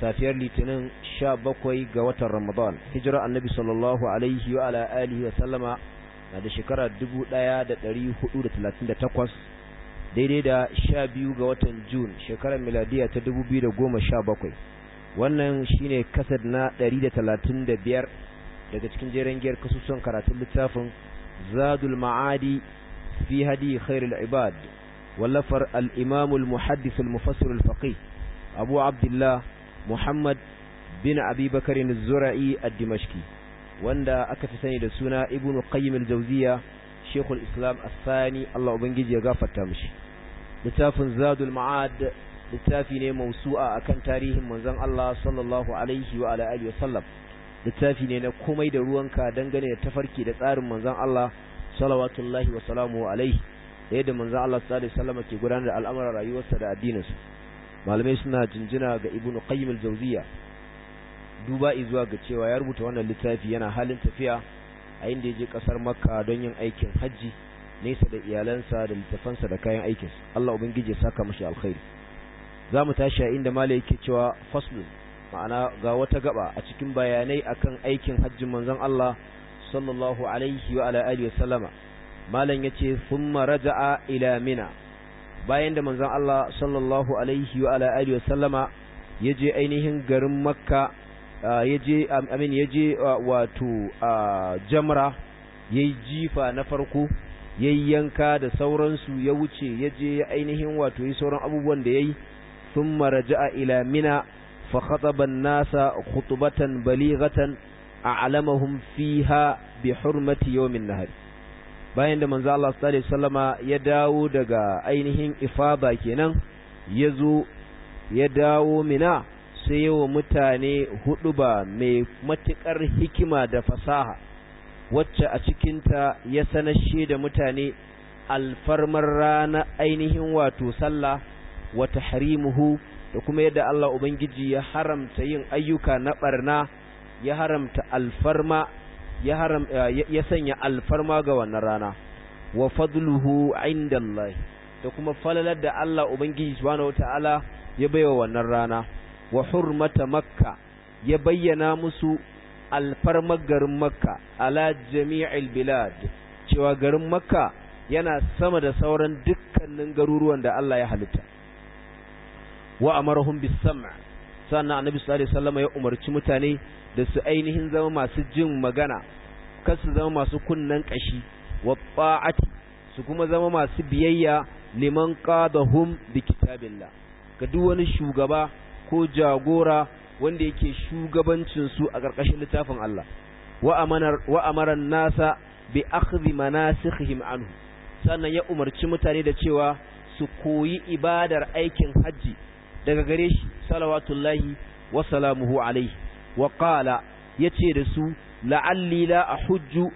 safiyar litinin sha bakwai ga watan ramadan hijira annabi sallallahu alaihi wa ala alihi wa sallama na da shekara dubu ɗaya da ɗari hudu da talatin da takwas daidai da sha biyu ga watan jun shekarar miladiya ta dubu biyu da goma sha bakwai wannan shine kasad na ɗari da talatin da biyar daga cikin jeren giyar kasusuwan karatun littafin zadul ma'adi fi hadi khairul ibad wallafar al-imamul muhaddis al-mufassir al-faqih abu abdullah Muhammad bin Abi Bakar al-Zura'i ad-Dimashqi wanda aka fi sani da suna Ibn Qayyim al-Jawziya Sheikh islam As-Sani Allah ubangiji ya gafarta mishi littafin Zadul Ma'ad littafi ne mausu'a akan tarihin manzon Allah sallallahu alaihi wa ala alihi wa sallam littafi ne na komai da ruwanka dangane da tafarki da tsarin manzon Allah salawatullahi wa salamu alaihi da yadda manzon Allah sallallahu alaihi wa sallam ke gudanar da al'amuran rayuwarsa da addininsa malamai suna jinjina ga ibn qayyim al-jawziya duba zuwa ga cewa ya rubuta wannan littafi yana halin tafiya a inda yaje kasar makka don yin aikin haji nesa da iyalansa da littafansa da kayan aikin Allah ubangiji ya saka mashi alkhairi zamu tashi a inda malai yake cewa faslun ma'ana ga wata gaba a cikin bayanai akan aikin hajjin manzon Allah sallallahu alaihi wa ala alihi wa sallama malam yace thumma raja'a ila mina bayan da manzon Allah sallallahu alaihi wa ala alihi wa sallama yaje ainihin garin Makka yaje amin yaje wato jamra yayi jifa na farko yayi yanka da sauransu ya wuce yaje ainihin wato yi sauran abubuwan da yayi thumma raja'a ila mina fa khataba an-nasa khutbatan balighatan a'lamahum fiha bi hurmati yawmin nahari bayan da manzo Allah sallallahu alaihi wasallama ya dawo daga ainihin ifaba kenan ya zo ya dawo mina sai yawa mutane hudu ba mai matukar hikima da fasaha wacce a cikinta ya sanashe da mutane alfarmar rana ainihin wato sallah wa tahrimuhu da kuma yadda Allah Ubangiji ya haramta yin ayyuka na barna ya haramta alfarma ya haram ya sanya alfarma ga wannan rana wa fadluhu indallahi da kuma falalar da Allah ubangiji subhanahu wataala ya baiwa wannan rana wa hurmata makka ya bayyana musu alfarma garin makka ala jami'il bilad cewa garin makka yana sama da sauran dukkanin garuruwan da Allah ya halitta wa amarahum bis sam' sannan annabi sallallahu alaihi wasallam ya umarci mutane da su ainihin zama masu jin magana kar su zama masu kunnan kashi wa ta'ati su kuma zama masu biyayya liman qadahum bi kitabillah ga duk wani shugaba ko jagora wanda yake shugabancin su a ƙarƙashin littafin Allah wa amanar wa amaran nasa bi akhdhi manasikhihim anhu sannan ya umarci mutane da cewa su koyi ibadar aikin haji daga gare shi salawatullahi wa salamuhu alaihi wa qala yace da su la'alli la ahujju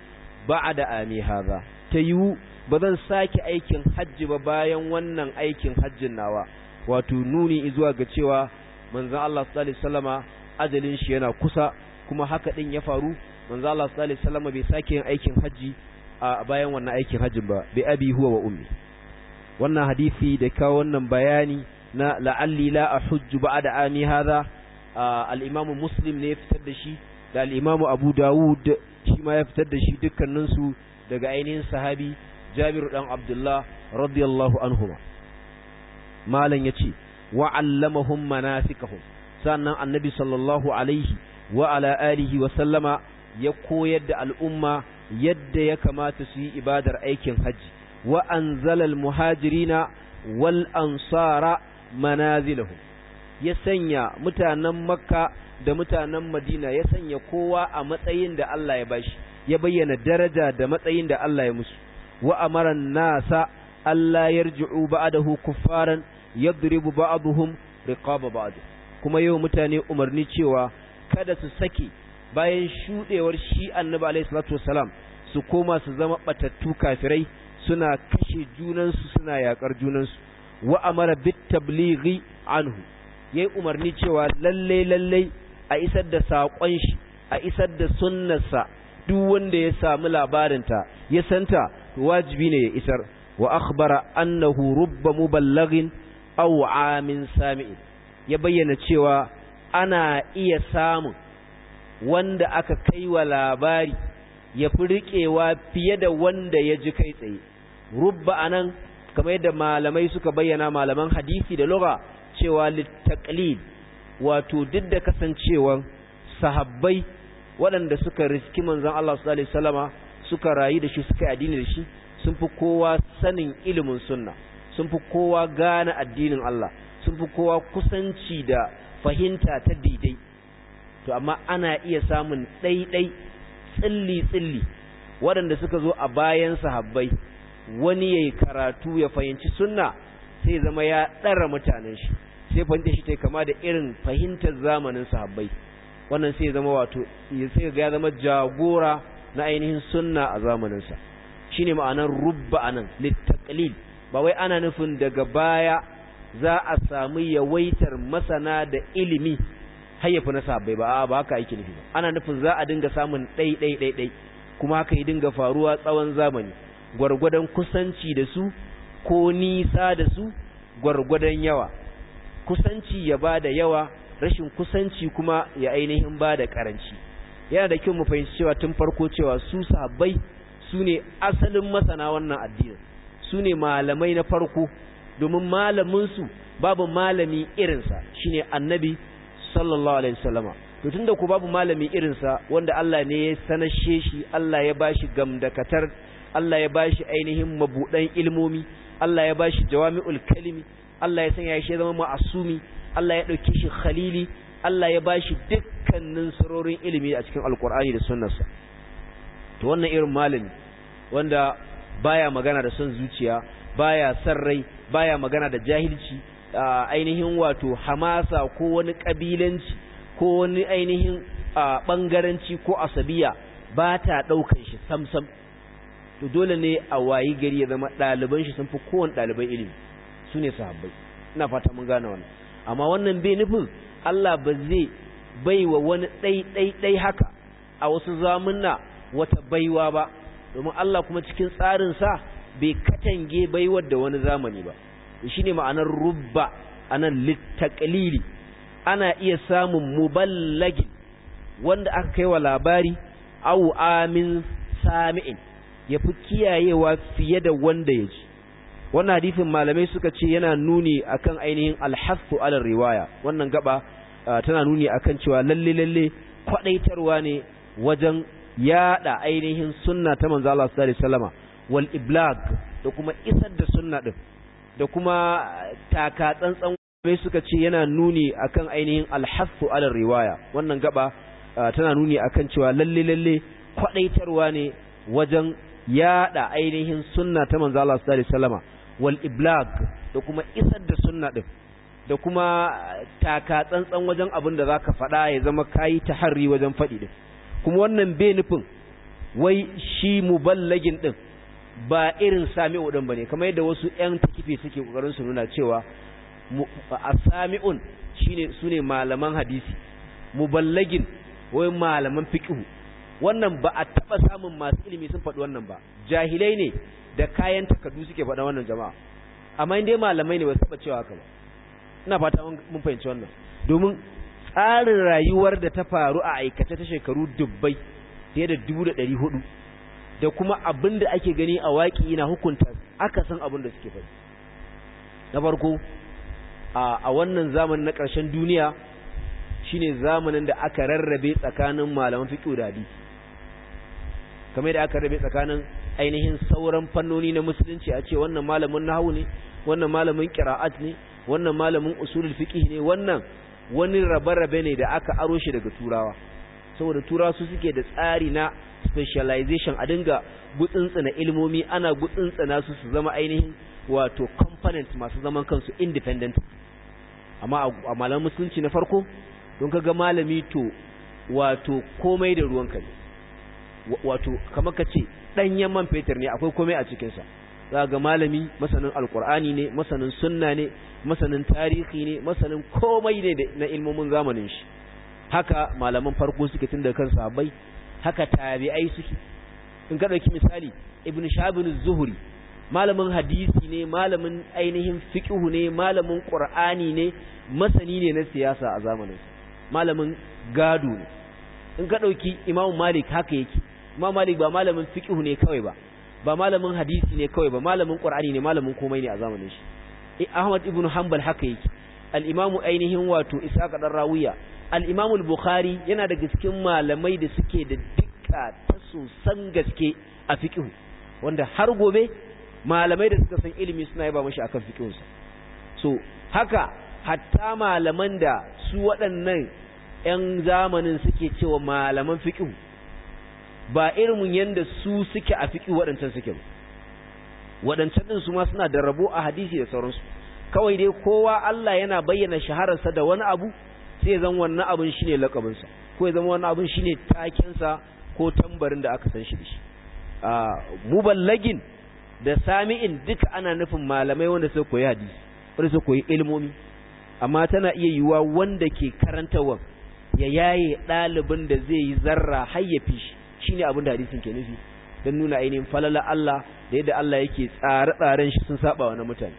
ba'da ami hadha tayu bazan sake aikin hajji ba bayan wannan aikin hajjin nawa wato nuni zuwa ga cewa manzon Allah sallallahu alaihi wasallama ajalin shi yana kusa kuma haka din ya faru manzon Allah sallallahu alaihi wasallama bai sake yin aikin hajji a bayan wannan aikin hajjin ba bi abi huwa wa ummi wannan hadisi da kawo wannan bayani na la'alli la ahujju ba'da ami hadha haza ah, al'imamu muslim ne ya fitar da shi da al'imamu imam abu dawud shi ma ya fitar da shi dukkaninsu daga ainihin sahabi jabir dan abdullah radiyallahu anhuma malan yace wa allamahum manasikahum sannan annabi sallallahu alaihi wa ala wa sallama ya koyar da al'umma yadda ya kamata su yi ibadar aikin hajji wa'an zalal muhajirina wal ansara manazilahum ya sanya mutanen makka da mutanen madina ya sanya kowa a matsayin da Allah ya bashi ya bayyana daraja da matsayin da Allah ya musu wa amara nasa Allah yarji'u ba'dahu kuffaran yadribu ba'dhum riqaba ba'd kuma yau mutane umarni cewa kada su saki bayan shudewar shi annabi alayhi salatu wasalam su koma su zama batattu kafirai suna kashe junansu suna yakar junansu wa amara bit tablighi anhu yayi umarni cewa lalle lalle a isar da saƙon shi a isar da sunnarsa duk wanda ya samu labarin ta ya santa wajibi ne ya isar wa akhbara annahu rubba muballighin aw amin sami'in ya bayyana cewa ana iya samun wanda aka kai wa labari ya fi riƙewa fiye da wanda ya ji kai tsaye rubba anan kamar yadda malamai suka bayyana malaman hadisi da lura cewa littaklid wato duk da kasancewan sahabbai waɗanda suka riski manzan Allah sallallahu suka rayu da shi suka addini da shi sun fi kowa sanin ilimin sunna sun fi kowa gane addinin Allah sun fi kowa kusanci da fahimta ta daidai to amma ana iya samun ɗaiɗai tsilli-tsilli waɗanda suka zo a bayan sahabbai wani yayi karatu ya fahimci sunna sai zama ya ɗara mutanen shi sai fahimta shi ta kama da irin fahimtar zamanin sahabbai wannan sai zama wato sai ga ya zama jagora na ainihin sunna a zamanin zamaninsa shine ma'anar rubba anan littaqlil ba wai ana nufin daga baya za a samu yawaitar masana da ilimi hayyafa na sahabbai ba ba haka yake nufi ba ana nufin za a dinga samun ɗai ɗai ɗai ɗai kuma haka ya dinga faruwa tsawon zamani gwargwadon kusanci da su ko nisa da su gwargwadon yawa kusanci ya ba da yawa rashin kusanci kuma ya ainihin ba da karanci yana da kyau mu fahimci cewa tun farko cewa su sahabbai su ne asalin masana wannan addinin su ne malamai na farko domin malaminsu babu malami irinsa shine annabi sallallahu alaihi wasallama to da ku babu malami irinsa wanda Allah ne ya sanashe shi Allah ya ba shi gamdakatar Allah ya ba shi ainihin mabuɗan ilmomi Allah ya ba shi jawami'ul kalimi Allah ya sanya shi zama ma'asumi Allah ya ɗauki shi khalili Allah ya ba shi dukkanin sarorin ilimi a cikin alkur'ani da sunnarsa to wannan irin malami wanda baya magana da son zuciya baya san rai baya magana da jahilci ainihin wato hamasa ko wani kabilanci ko wani ainihin bangaranci ko asabiya ba ta daukan shi samsam to dole ne a wayi gari ya zama ɗaliban shi sun fi kowane ɗaliban ilimi su ne sahabbai ina fata mun gane wannan amma wannan bai nufin Allah ba zai baiwa wani ɗai haka a wasu zamunna wata baiwa ba domin Allah kuma cikin tsarin sa bai katange baiwar da wani zamani ba shi ne ma'anar rubba anan litaqlili ana iya samun muballagin wanda aka kai wa labari au amin sami'in ya fi kiyayewa fiye da wanda ya ji wannan hadifin malamai suka ce yana nuni akan ainihin alhassu ala riwaya wannan gaba ah, tana nuni akan cewa lalle lalle kwadaitarwa ne wajen yada ainihin sunna ta manzo Allah sallallahu alaihi wasallama wal iblag da kuma isar da sunna din da kuma ah, taka tsantsan mai suka ce yana nuni akan ainihin alhassu ala riwaya wannan gaba ah, tana nuni akan cewa lalle lalle kwadaitarwa ne wajen yada ainihin sunna ta manzo Allah sallallahu alaihi wasallama wal iblag da kuma isar da sunna din da kuma taka tsantsan wajen abin da zaka faɗa ya zama kayi harri wajen faɗi din kuma wannan bai nufin wai shi muballagin din ba irin sami'u din bane kamar yadda wasu ƴan takifi suke kokarin su nuna cewa Sami'un shine sune malaman hadisi muballagin wai malaman fiqhu wannan ba a taba samun masu ilimi sun faɗi wannan ba jahilai ne da kayan takardu suke faɗa wannan jama'a amma inda malamai ne ba su cewa haka ba ina fata mun fahimci wannan domin tsarin rayuwar da ta faru a aikace ta shekaru dubbai fiye da dubu da ɗari hudu da kuma abin da ake gani a waƙi na hukunta aka san abin da suke faɗi na farko a wannan zamanin na ƙarshen duniya shine zamanin da aka rarrabe tsakanin malaman fiqh da hadisi kamar yadda aka rabe tsakanin ainihin sauran fannoni na musulunci a ce wannan malamin nahwu ne wannan malamin qira'at ne wannan malamin usulul fiqh ne wannan wani rabe-rabe ne da aka aro shi daga turawa saboda turawa su suke da tsari na specialization a dinga gutsuntsuna ilmomi ana gutsuntsuna su su zama ainihin wato component masu zaman kansu independent amma a malamin musulunci na farko don kaga malami to wato komai da ruwan kai wato kamar ka ce ɗanyen man fetur ne akwai komai a cikinsa za ga malami masanin alkur'ani ne masanin sunna ne masanin tarihi ne masanin komai ne na ilmomin zamanin shi haka malaman farko suke tun da kan sahabbai haka tabi'ai suke in ka ɗauki misali ibn shabin zuhuri malamin hadisi ne malamin ainihin fiƙihu ne malamin qur'ani ne masani ne na siyasa a zamanin malamin gado ne in ka ɗauki imamu malik haka yake Imam Malik ba malamin fiqh ne kawai ba ba malamin hadisi ne kawai ba malamin Qur'ani ne malamin komai ne a zamanin shi eh, Ahmad ibn Hanbal haka yake al-Imam ainihin wato Ishaq dan Rawiya al-Imam al-Bukhari yana daga cikin malamai da suke da dukka ta sosan gaske a fiqh wanda har gobe malamai da suka san ilimi suna yaba mashi akan fiqhinsa so haka hatta malaman da su waɗannan 'yan zamanin suke cewa malaman fiqh ba mun yanda su suke a fiki waɗancan suke ba waɗancan su ma suna da rabo a hadisi da sauransu kawai dai kowa Allah yana bayyana shahararsa da wani abu sai zan wannan abin shine laƙabinsa ko zan wannan abin shine takensa ko tambarin da aka san shi da shi muballagin da sami'in duka ana nufin malamai wanda suka koyi hadisi wanda suka koyi ilmomi amma tana iya yiwuwa wanda ke karantawa ya yaye ɗalibin da zai yi zarra hayyafi shi shine abin da hadisin ke nufi dan nuna ainihin falala Allah da yadda Allah yake tsare-tsaren shi sun saba wa na mutane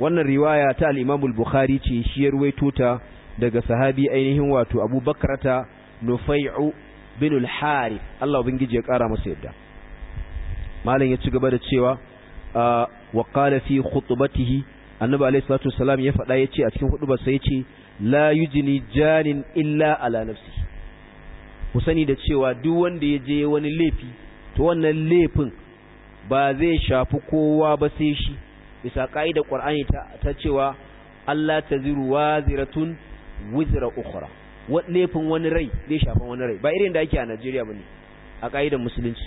wannan riwaya ta al-Imam al-Bukhari ce shi ya ruwaito ta daga sahabi ainihin wato Abu ta Nufai'u bin al-Harith Allah ubangiji ya kara masa yadda malam ya ci gaba da cewa wa qala fi khutbatihi annabi alayhi salatu wassalam ya faɗa yace a cikin hudubar sa yace la yujni janin illa ala nafsihi ku sani da cewa duk wanda ya je wani laifi to wannan laifin ba zai shafi kowa ba sai shi bisa ka'idar qur'ani ta, ta cewa Allah taziru waziratun wizra ukhra wa laifin wani rai zai shafi wani rai ba irin da ake a Najeriya bane a ka'idar musulunci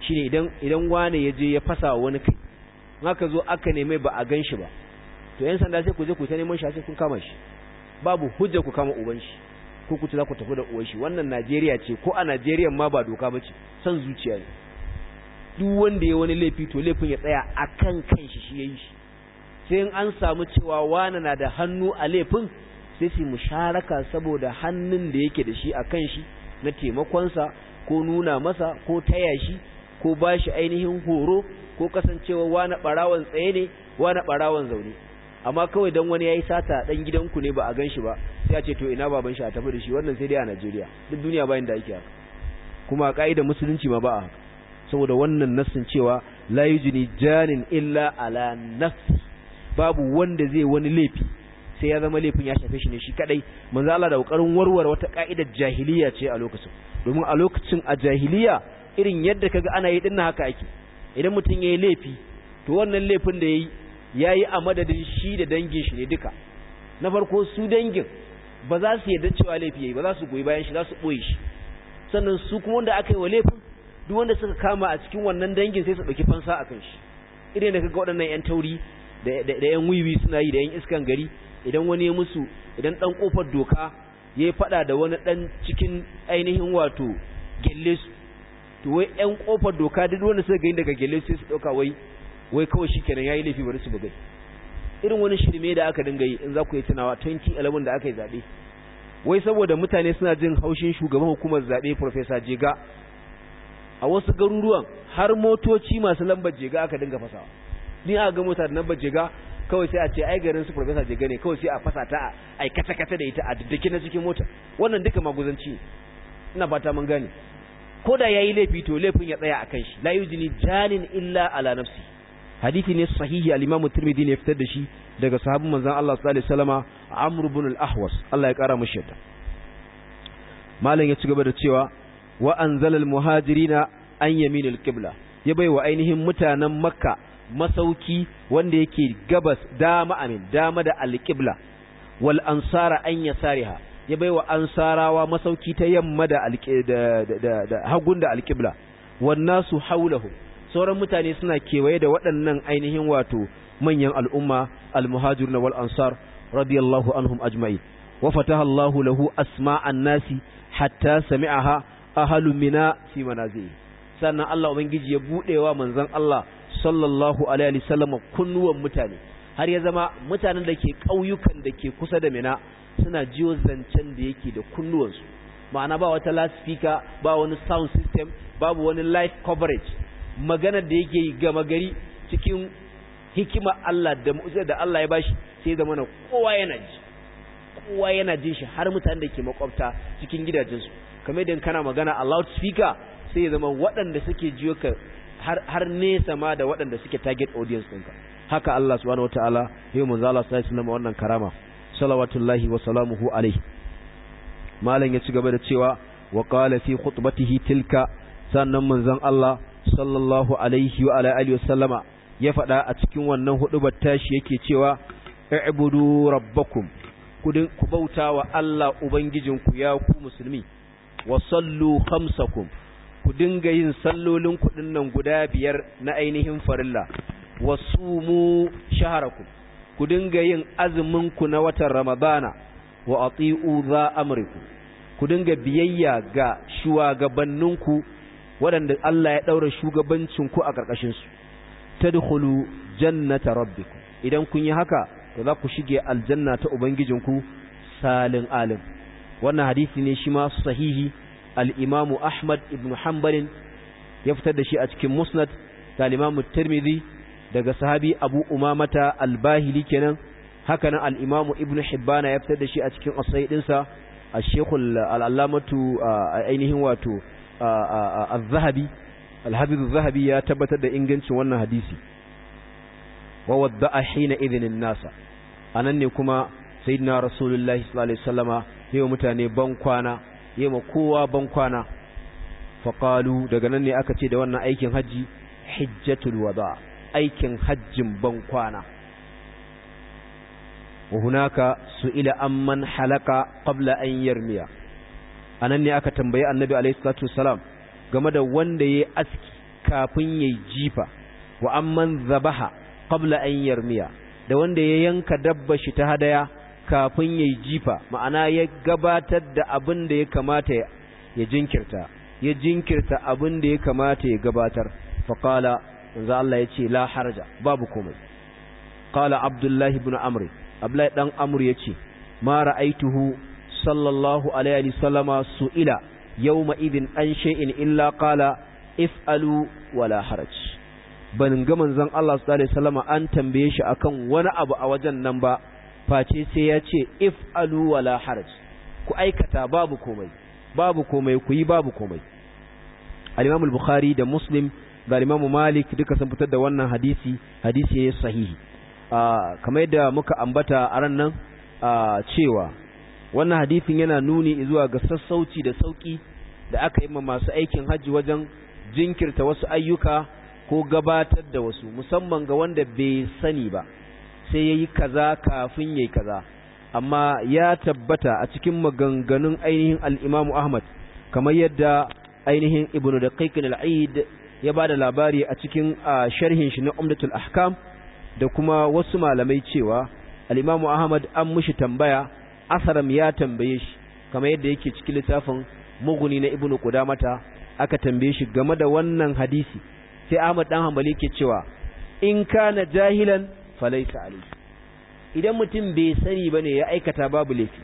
shine idan idan wani ya je ya fasa wani kai haka zo aka neme ba a ganshi ba to yan sanda sai ku je ku ta neman shi sai kun kama shi babu hujja ku kama uban shi ko ku za ku tafi da uwar shi wannan Najeriya ce ko a Najeriya ma ba doka ba ce son zuciya ne duk wanda ya wani laifi to laifin ya tsaya akan kanshi shi yayi shi sai in an samu cewa wani na da hannu a laifin sai su musharaka saboda hannun da yake da shi a kan shi na sa ko nuna masa ko taya shi ko ba shi ainihin horo ko kasancewa wani barawon tsaye ne wani barawon zaune amma kawai dan wani yayi sata dan gidanku ne ba a gan shi ba sai a ce to ina baban shi a tafi da shi wannan sai dai a Najeriya duk duniya bayan da ake haka kuma a kaidar musulunci ma ba a haka saboda wannan nassin cewa la yujni janin illa ala nafsi babu wanda zai wani laifi sai ya zama laifin ya shafe shi ne shi kadai manzo Allah da kokarin warware wata kaidar jahiliya ce a lokacin domin a lokacin a jahiliya irin yadda kaga ana yi dinnan haka ake idan mutum ya yi laifi to wannan laifin da ya yi. ya yi a madadin shi da dangin shi ne duka na farko su dangin ba za su yarda cewa laifi ya yi ba za su goyi bayan shi za su ɓoye shi sannan su kuma wanda aka yi wa laifin duk wanda suka kama a cikin wannan dangin sai su ɗauki fansa a kan shi idan da kaga waɗannan yan tauri da yan wiwi suna yi da yan iskan gari idan wani ya musu idan ɗan ƙofar doka ya yi faɗa da wani ɗan cikin ainihin wato gelle su to wai yan ƙofar doka duk wanda suka gani daga gelle sai su ɗauka wai wai kawai shi kenan yayi laifi bari su bugai irin wani shirme da aka dinga yi in za ku yi tunawa 2011 da aka yi zaɓe wai saboda mutane suna jin haushin shugaban hukumar zaɓe Profesa Jega a wasu garuruwan har motoci masu lambar Jega aka dinga fasawa ni a ga mota da lambar Jega kawai sai a ce ai garin su Profesa Jega ne kawai sai a fasa ta ai kata kata da ita a diddike na cikin mota wannan duka maguzanci ina fata mun gane ko da yayi laifi to laifin ya tsaya akan shi la yujini janin illa ala nafsi hadisi ne sahihi al-Imam Tirmidhi ne fitar da shi daga sahabban manzan Allah sallallahu alaihi wasallama Amr ibn al-Ahwas Allah ya kara mishi yadda malam ya cigaba da cewa wa anzalal muhajirina an al qibla ya bai wa ainihin mutanen makka masauki wanda yake gabas dama amin dama da al-qibla wal ansara an yasariha ya bai wa ansarawa masauki ta yamma da hagun da alqibla wan nasu haulahu sauran mutane suna kewaye da waɗannan ainihin wato manyan al'umma al-muhajirun wal ansar radiyallahu anhum ajma'i wa fataha Allah lahu asma'an nasi hatta sami'aha ahlu mina fi manazili sannan Allah ubangiji ya wa manzon Allah sallallahu alaihi sallam kunnuwan mutane har ya zama mutanen da ke ƙauyukan da ke kusa da mina suna jiyo zancen da yake da kunnuwansu ma'ana ba wata loudspeaker ba wani sound system babu wani live coverage maganar da yake yi gama gari cikin hikima Allah da mu'jiza da Allah ya bashi sai zama na kowa yana ji kowa yana jin shi har mutanen da ke makwabta cikin gidajensu kamar idan kana magana a loudspeaker sai ya zama waɗanda suke jiyo ka har nesa ma da waɗanda suke target audience ɗinka haka Allah subhanahu wataala yau manzo Allah sallallahu nama wannan karama salawatullahi wa salamuhu alaihi malam ya ci gaba da cewa wa qala fi khutbatihi tilka sannan manzon Allah sallallahu alaihi wa ala alihi wasallama ya faɗa a cikin wannan hudubar tashi yake cewa i'budu rabbakum ku bauta wa Allah ubangijinku ya ku musulmi wa sallu khamsakum ku dinga yin sallolin kuɗin nan guda biyar na ainihin farilla wa sumu shaharakum ku dinga yin azumin ku na watan ramadana wa ati'u za amriku ku dinga biyayya ga shugabanninku waɗanda Allah ya ɗaura shugabancin ku a karkashin su tadkhulu jannata rabbikum idan kun yi haka to za ku shige aljanna ta ubangijinku salin alim wannan hadisi ne shi ma sahihi Al'imamu Ahmad ibn Hanbal ya fitar da shi a cikin Musnad da al Tirmidhi daga sahabi Abu Umamata al-Bahili kenan haka nan al Ibn Hibban ya fitar da shi a cikin as ɗinsa dinsa al-Sheikh al ainihin wato al-zahabi zahabi ya tabbatar da ingancin wannan hadisi wa wadda'a hina idhnin nasa anan ne kuma sayyidina rasulullahi sallallahu alaihi wasallama yayi mutane ban kwana yayi ma kowa ban kwana fa qalu daga nan ne aka ce da wannan aikin haji hijjatul wada aikin hajjin ban kwana وهناك سئل عمن حلق قبل أن yarmiya. anan ne aka tambayi annabi alaihi salatu wasalam game da wanda yayi aski kafin yayi jifa wa amman zabaha qabla an yarmiya da wanda ya yanka dabba shi ta hadaya kafin yayi jifa ma'ana ya gabatar da abin da ya kamata ya jinkirta ya jinkirta abin da ya kamata ya gabatar qala manzo Allah yace la harja babu komai qala abdullahi ibn amr abdullahi dan amr yace ma ra'aituhu sallallahu alaihi wasallama su'ila yawma idin an illa qala if'alu wala haraj ban ga manzon Allah sallallahu alaihi wasallama an tambaye shi akan wani abu a wajen nan ba face sai ya ce if'alu wala haraj ku aikata babu komai babu komai ku yi babu komai al-Imam al-Bukhari da Muslim da Imam Malik duka sun fitar da wannan hadisi hadisi ne sahihi ah, kamar yadda muka ambata a ran nan ah, cewa wannan hadisin yana nuni zuwa ga sassauci da sauki da aka yi ma masu aikin hajji wajen jinkirta wasu ayyuka ko gabatar da wasu musamman ga wanda bai sani ba sai yayi kaza kafin yayi kaza amma ya tabbata a cikin maganganun ainihin al Ahmad kamar yadda ainihin Ibn Daqiq al-Aid ya bada labari a cikin sharhin shi na Umdatul Ahkam da kuma wasu malamai cewa al Ahmad an mushi tambaya asaram ya tambaye shi kamar yadda yake cikin littafin muguni na ibnu qudamata aka tambaye shi game da wannan hadisi sai Ahmad dan Hanbali ke cewa in kana jahilan falaysa alayhi idan mutum bai sani bane ya aikata babu laifi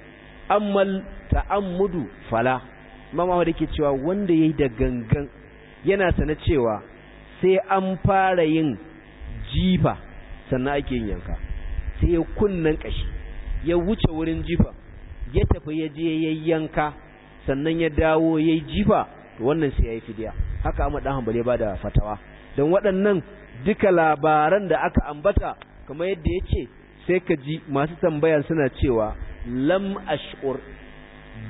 ammal ta'ammudu fala mama wanda ke cewa wanda yayi da gangan yana sana cewa sai an fara yin jifa sannan ake yin yanka sai kunnan kashi ya wuce wurin jifa ya tafi ya je yanka sannan ya dawo yayi jifa wannan sai ya yi fidiya haka Ahmad dan Hanbali ba da fatawa don waɗannan duka labaran da aka ambata kamar yadda ya ce sai ka ji masu tambaya suna cewa lam ash'ur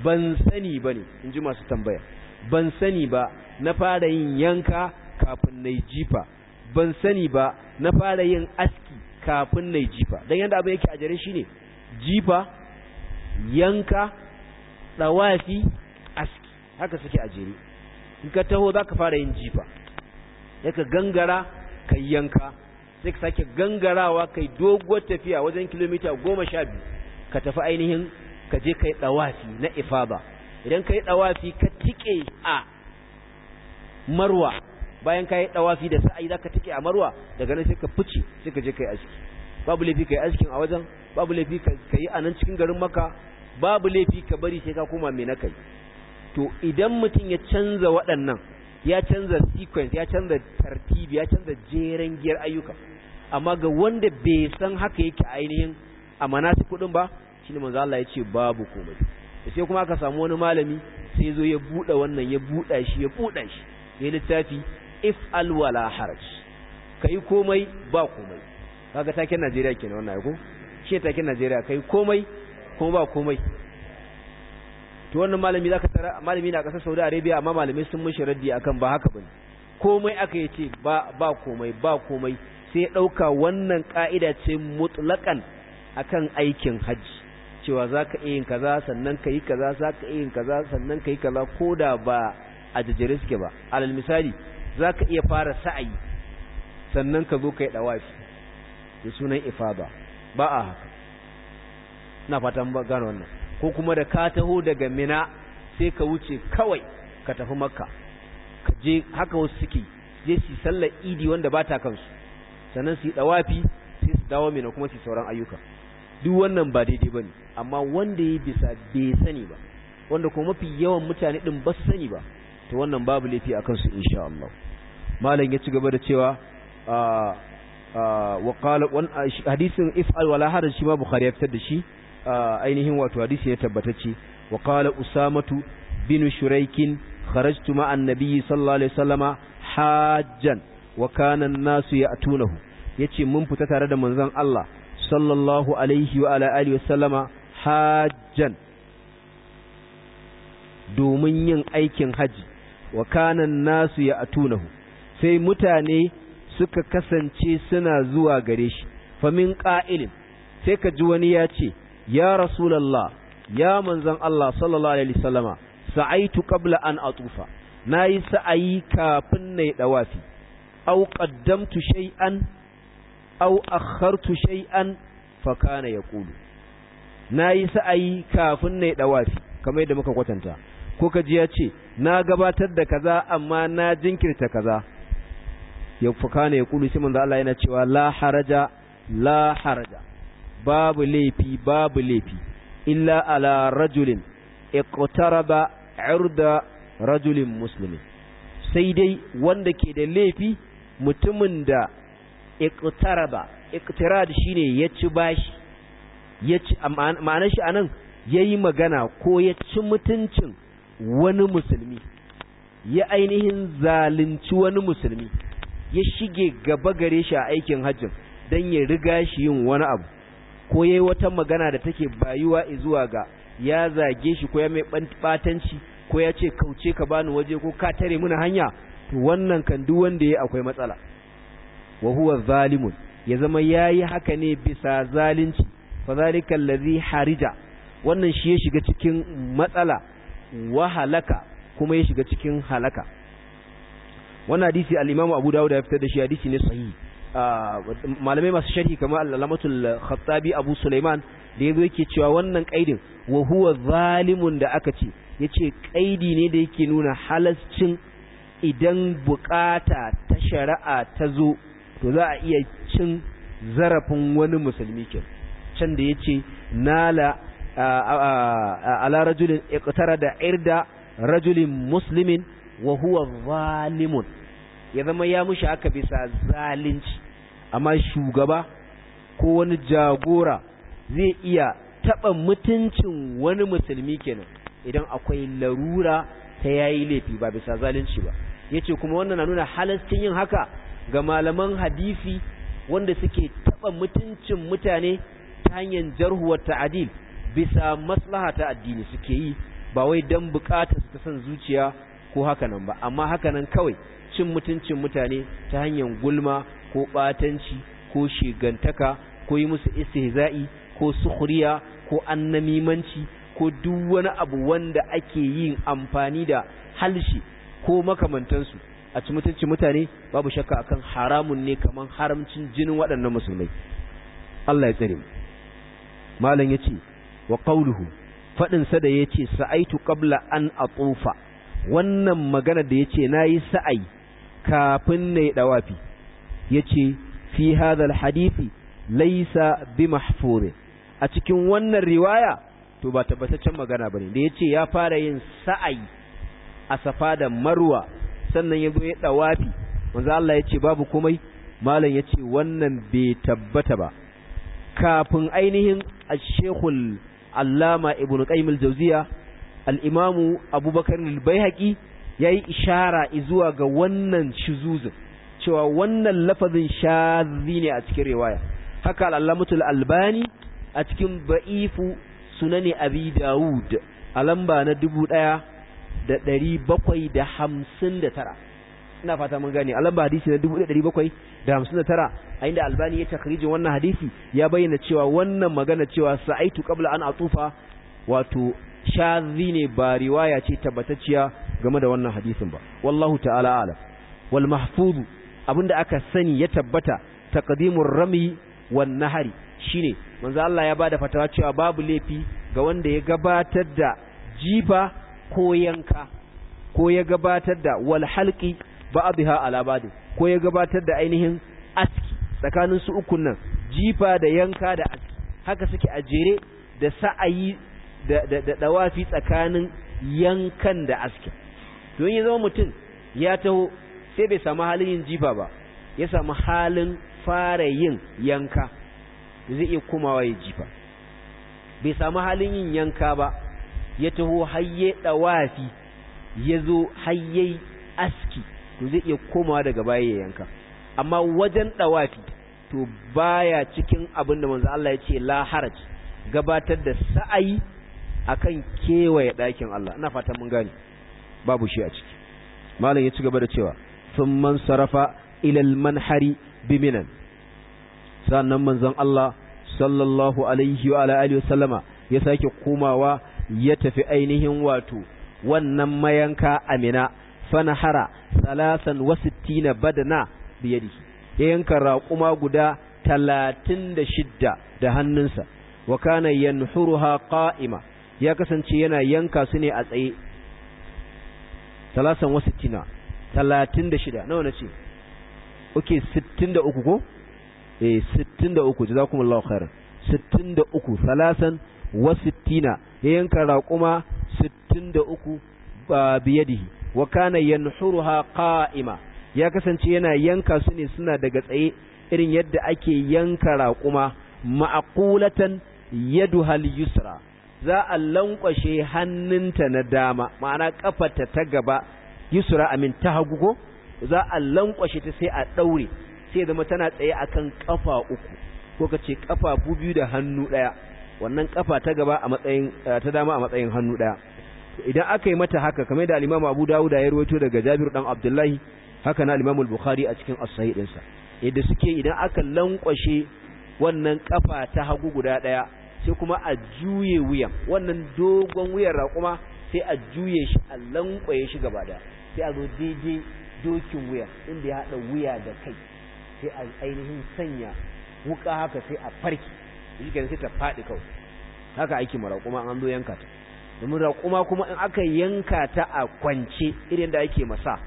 ban sani ba ne in ji masu tambaya ban sani ba na fara yin yanka kafin na jifa ban sani ba na fara yin aski kafin na jifa don yadda abin yake a jere shi ne jifa yanka ɗawafi aski haka suke a jere in ka taho za ka fara yin jifa ya ka gangara ka yanka sai ka sake gangarawa kai doguwar tafiya wajen kilomita goma sha biyu ka tafi ainihin ka je ka yi ɗawafi na ifaba idan ka yi ɗawafi ka tike a marwa bayan ka yi ɗawafi da sa'ayi za ka tike a marwa daga nan sai ka fice sai ka je ka yi aski babu laifi kai askin a wajen babu laifi kai a nan cikin garin maka babu laifi ka bari sai ka koma mai na kai to idan mutum ya canza waɗannan ya canza sequence ya canza tartibi ya canza jeren giyar ayyuka amma ga wanda bai san haka yake ainihin a manasi kudin ba shi ne manzo Allah ya ce babu komai sai kuma aka samu wani malami sai zo ya buɗe wannan ya buɗa shi ya buɗa shi ya littafi if al wala haraj kai komai ba komai kaga taken Najeriya kenan wannan ko shi taken Najeriya kai komai kuma ba komai to wannan malami zaka tara malami na kasar Saudi Arabia amma malamai sun mushi raddi akan ba haka bane komai aka yace ba ba komai ba komai sai dauka wannan ka'ida ce mutlakan akan aikin haji cewa zaka iya yin kaza sannan kai kaza zaka iya yin kaza sannan kai kaza koda ba a jajjere ba alal misali zaka iya fara sa'ayi sannan ka zo kai dawafi da sunan ifada ba a haka na fatan ba gano wannan ko kuma da ka taho daga mina sai ka wuce kawai ka tafi makka ka je haka wasu suke je su sallar idi wanda ba ta kansu sannan su yi dawafi sai su dawo mina kuma su sauran ayyuka duk wannan ba daidai ne amma wanda ya bisa bai sani ba wanda kuma mafi yawan mutane din ba su sani ba to wannan babu laifi akan su insha Allah malam ya ci gaba da cewa ah, wa qala wan hadisin if'al wala haraj shi ma bukhari ya fitar da shi ainihin wato hadisi ya tabbatacce wa qala usamatu bin shuraikin kharajtu ma'an nabiyyi sallallahu alaihi wasallama hajjan wa kana an-nasu ya'tunahu yace mun fita tare da manzon Allah sallallahu alaihi wa ala alihi wasallama hajjan domin yin aikin haji wa kana an-nasu ya'tunahu sai mutane suka kasance suna zuwa gare shi famin ƙa'ilin sai ka ji wani ya ce ya rasulallah ya manzan Allah sallallahu alaihi wasallama sa'aitu qabla an atufa nayi sa'ayi kafin nayi dawafi aw qaddamtu shay'an aw akhartu shay'an fa kana yaqulu nayi sa'ayi kafin nayi dawafi kamar yadda muka kwatanta ko kaji ya ce na gabatar da kaza amma na jinkirta kaza ya fuka ne ya kulu simon da Allah yana cewa la haraja la haraja babu laifi babu laifi illa ala rajulin iqtaraba urda rajulin muslimin sai dai wanda ke da laifi mutumin da iqtaraba iqtirad shine ya ci bashi ya ci ma'anar shi anan yayi magana ko ya ci mutuncin wani musulmi ya ainihin zalunci wani musulmi ya shige gaba gare shi a aikin hajji don ya riga shi yin wani abu ko yayi wata magana da take bayuwa zuwa ga ya zage shi ko ya mai batanci ko ya ce kauce ka bani waje ko ka tare muna hanya to wannan kan duk wanda yayi akwai matsala wa huwa zalimun ya zama yayi haka ne bisa zalunci fa zalika allazi harija wannan shi ya shiga cikin matsala wa halaka kuma ya shiga cikin halaka wannan hadisi al-Imam Abu Dawud ya fitar da shi hadisi ne sahihi ah, malamai masu sharhi kamar al lamatul Khattabi Abu Sulaiman da yazo yake cewa wannan kaidin wa huwa zalimun da aka ce yace kaidi ne da yake nuna halascin idan bukata ta shari'a ta zo to za a iya cin zarafin wani musulmi kin can da yace nala ah, ah, ala rajulin iqtara da irda rajulin muslimin wa huwa zalimun ya zama ya mushi aka bisa zalunci amma shugaba ko wani jagora zai iya taɓa mutuncin wani musulmi kenan idan akwai larura ta yayi laifi ba bisa zalunci ba yace kuma wannan na nuna halaccin yin haka ga malaman hadisi wanda suke taɓa mutuncin mutane ta hanyar jarhuwar ta'adil bisa maslaha ta addini suke yi ba wai don bukatar ta san zuciya ko haka nan ba amma haka nan kawai cin mutuncin mutane ta hanyar gulma ko batanci ko shigantaka ko yi musu istihza'i ko sukhriya ko annamimanci ko duk wani abu wanda ake yin amfani da halshi ko makamantansu a cin mutuncin mutane babu shakka akan haramun ne kaman haramcin jinin waɗannan musulmai Allah ya tsare mu malam yace wa qawluhu fadin sa da yace sa'aitu qabla an atufa wannan magana da yace nayi sa'ai kafin nayi dawafi yace fi hadisi laisa bi mahfure a cikin wannan riwaya to ba tabbataccen magana ba ne da yace ya fara yin sa'ai a safa da marwa sannan ya zo ya dawafi manzo Allah yace babu komai malam yace wannan bai tabbata ba kafin ainihin ashehul shaykhul allama ibn qayyim al-jawziya al'imamu abubakar al-baihaqi ya yi ishara zuwa ga wannan shizuzin cewa wannan lafazin shazi ne a cikin riwaya haka al'allamatul albani a cikin ba'ifu sunani abi daud a lamba na dubu ɗaya da ɗari bakwai da hamsin da tara ina fata mun gane a lamba hadisi na dubu ɗaya ɗari bakwai da hamsin da tara a inda albani ya takarijin wannan hadisi ya bayyana cewa wannan magana cewa sa'aitu kabla an atufa wato shazi ne ba riwaya ce tabbatacciya game da wannan hadisin ba wallahu ta'ala alam wal mahfuz abinda aka sani ya tabbata taqdimur rami wan nahari shine manzo Allah ya bada fatawa cewa babu laifi ga wanda ya gabatar da jifa ko yanka ko ya gabatar da wal halqi ba'dha ala ba'd ko ya gabatar da ainihin aski tsakanin su ukun nan jifa da yanka da aski haka suke a jere da sa'ayi da dawafi tsakanin yankan da aski don ya zama mutum ya taho sai bai samu halin yin jifa ba ya samu halin fara yin yanka zai iya kumawa ya jifa bai samu halin yin yanka ba ya taho hayye dawafi ya zo hayye aski to zai iya komawa daga baya ya yanka amma wajen dawafi to baya cikin abin da manzo Allah ya ce la haraj gabatar da sa'ayi akan kewaye ɗakin Allah ina fatan mun gane babu shi a ciki malam ya ci gaba da cewa sun man sarafa ilal manhari biminan sannan manzon Allah sallallahu alaihi wa alihi sallama ya sake komawa ya tafi ainihin wato wannan mayanka amina fanahara salasan wasittina badana biyadihi ya yanka raƙuma guda talatin da shidda da hannunsa wa kana yanhuruha qa'ima ya kasance yana yanka su ne a tsaye talasan wasu tina talatin da shida nawa na ce ok sittin da uku ko e sittin da uku kuma khairan sittin da uku talasan wasu tina ya yanka raƙuma sittin da uku ba biyadihi wa kana yanhuruha qa'ima ya kasance yana yanka su ne suna daga tsaye irin yadda ake yanka raƙuma yadu hal yusra za a lankwashe hannunta na dama ma'ana kafarta ta gaba yusra amin ta hagu ko za a lankwashe ta sai a daure sai zama tana tsaye akan kafa uku ko kace kafa biyu da hannu daya wannan kafa ta gaba a matsayin eh, ta dama a matsayin hannu daya idan aka yi mata haka kamar da al-Imam Abu Dawud ya rawaito daga Jabir dan Abdullahi haka na al-Imam bukhari a cikin as-sahih yadda suke idan aka lankwashe wannan kafa ta hagu guda daya sai kuma a juye wuyan wannan dogon wuyan raƙuma sai a juye shi a lankwaye shi gaba da sai a zo daidai dokin wuya inda ya haɗa wuya da kai sai a ainihin sanya wuka haka sai a farki shi kenan sai ta faɗi kawai haka aiki ma raƙuma an zo yanka ta domin raƙuma kuma in aka yanka ta a kwance irin da ake masa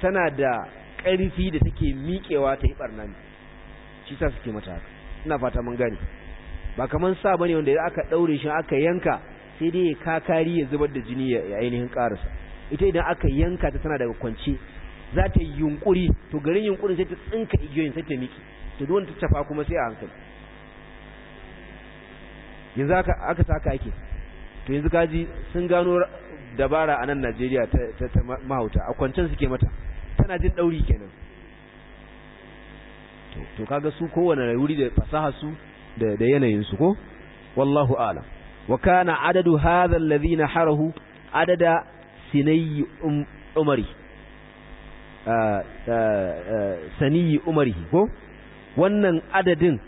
tana da ƙarfi da take miƙewa ta yi ɓarnani shi ta suke mata haka ina fata mun gane ba kaman sa bane wanda aka daure shi aka yanka sai dai kakari ya zubar da jini ya ainihin karasa ita idan aka yanka ta tana daga kwance za ta yi yunkuri to garin yunkurin sai ta tsinka igiyoyin sai ta miki to duk wanda ta cafa kuma sai a hankali yanzu aka aka saka yake to yanzu kaji sun gano dabara a nan Najeriya ta ta mahauta a kwancen suke mata tana jin dauri kenan to kaga su kowane wuri da fasaha su da yanayin su ko wallahu a'lam wa kana adadu hadhal ladina harahu adada sinayi um, umari ah, ah, ah, saniyi umari ko wannan adadin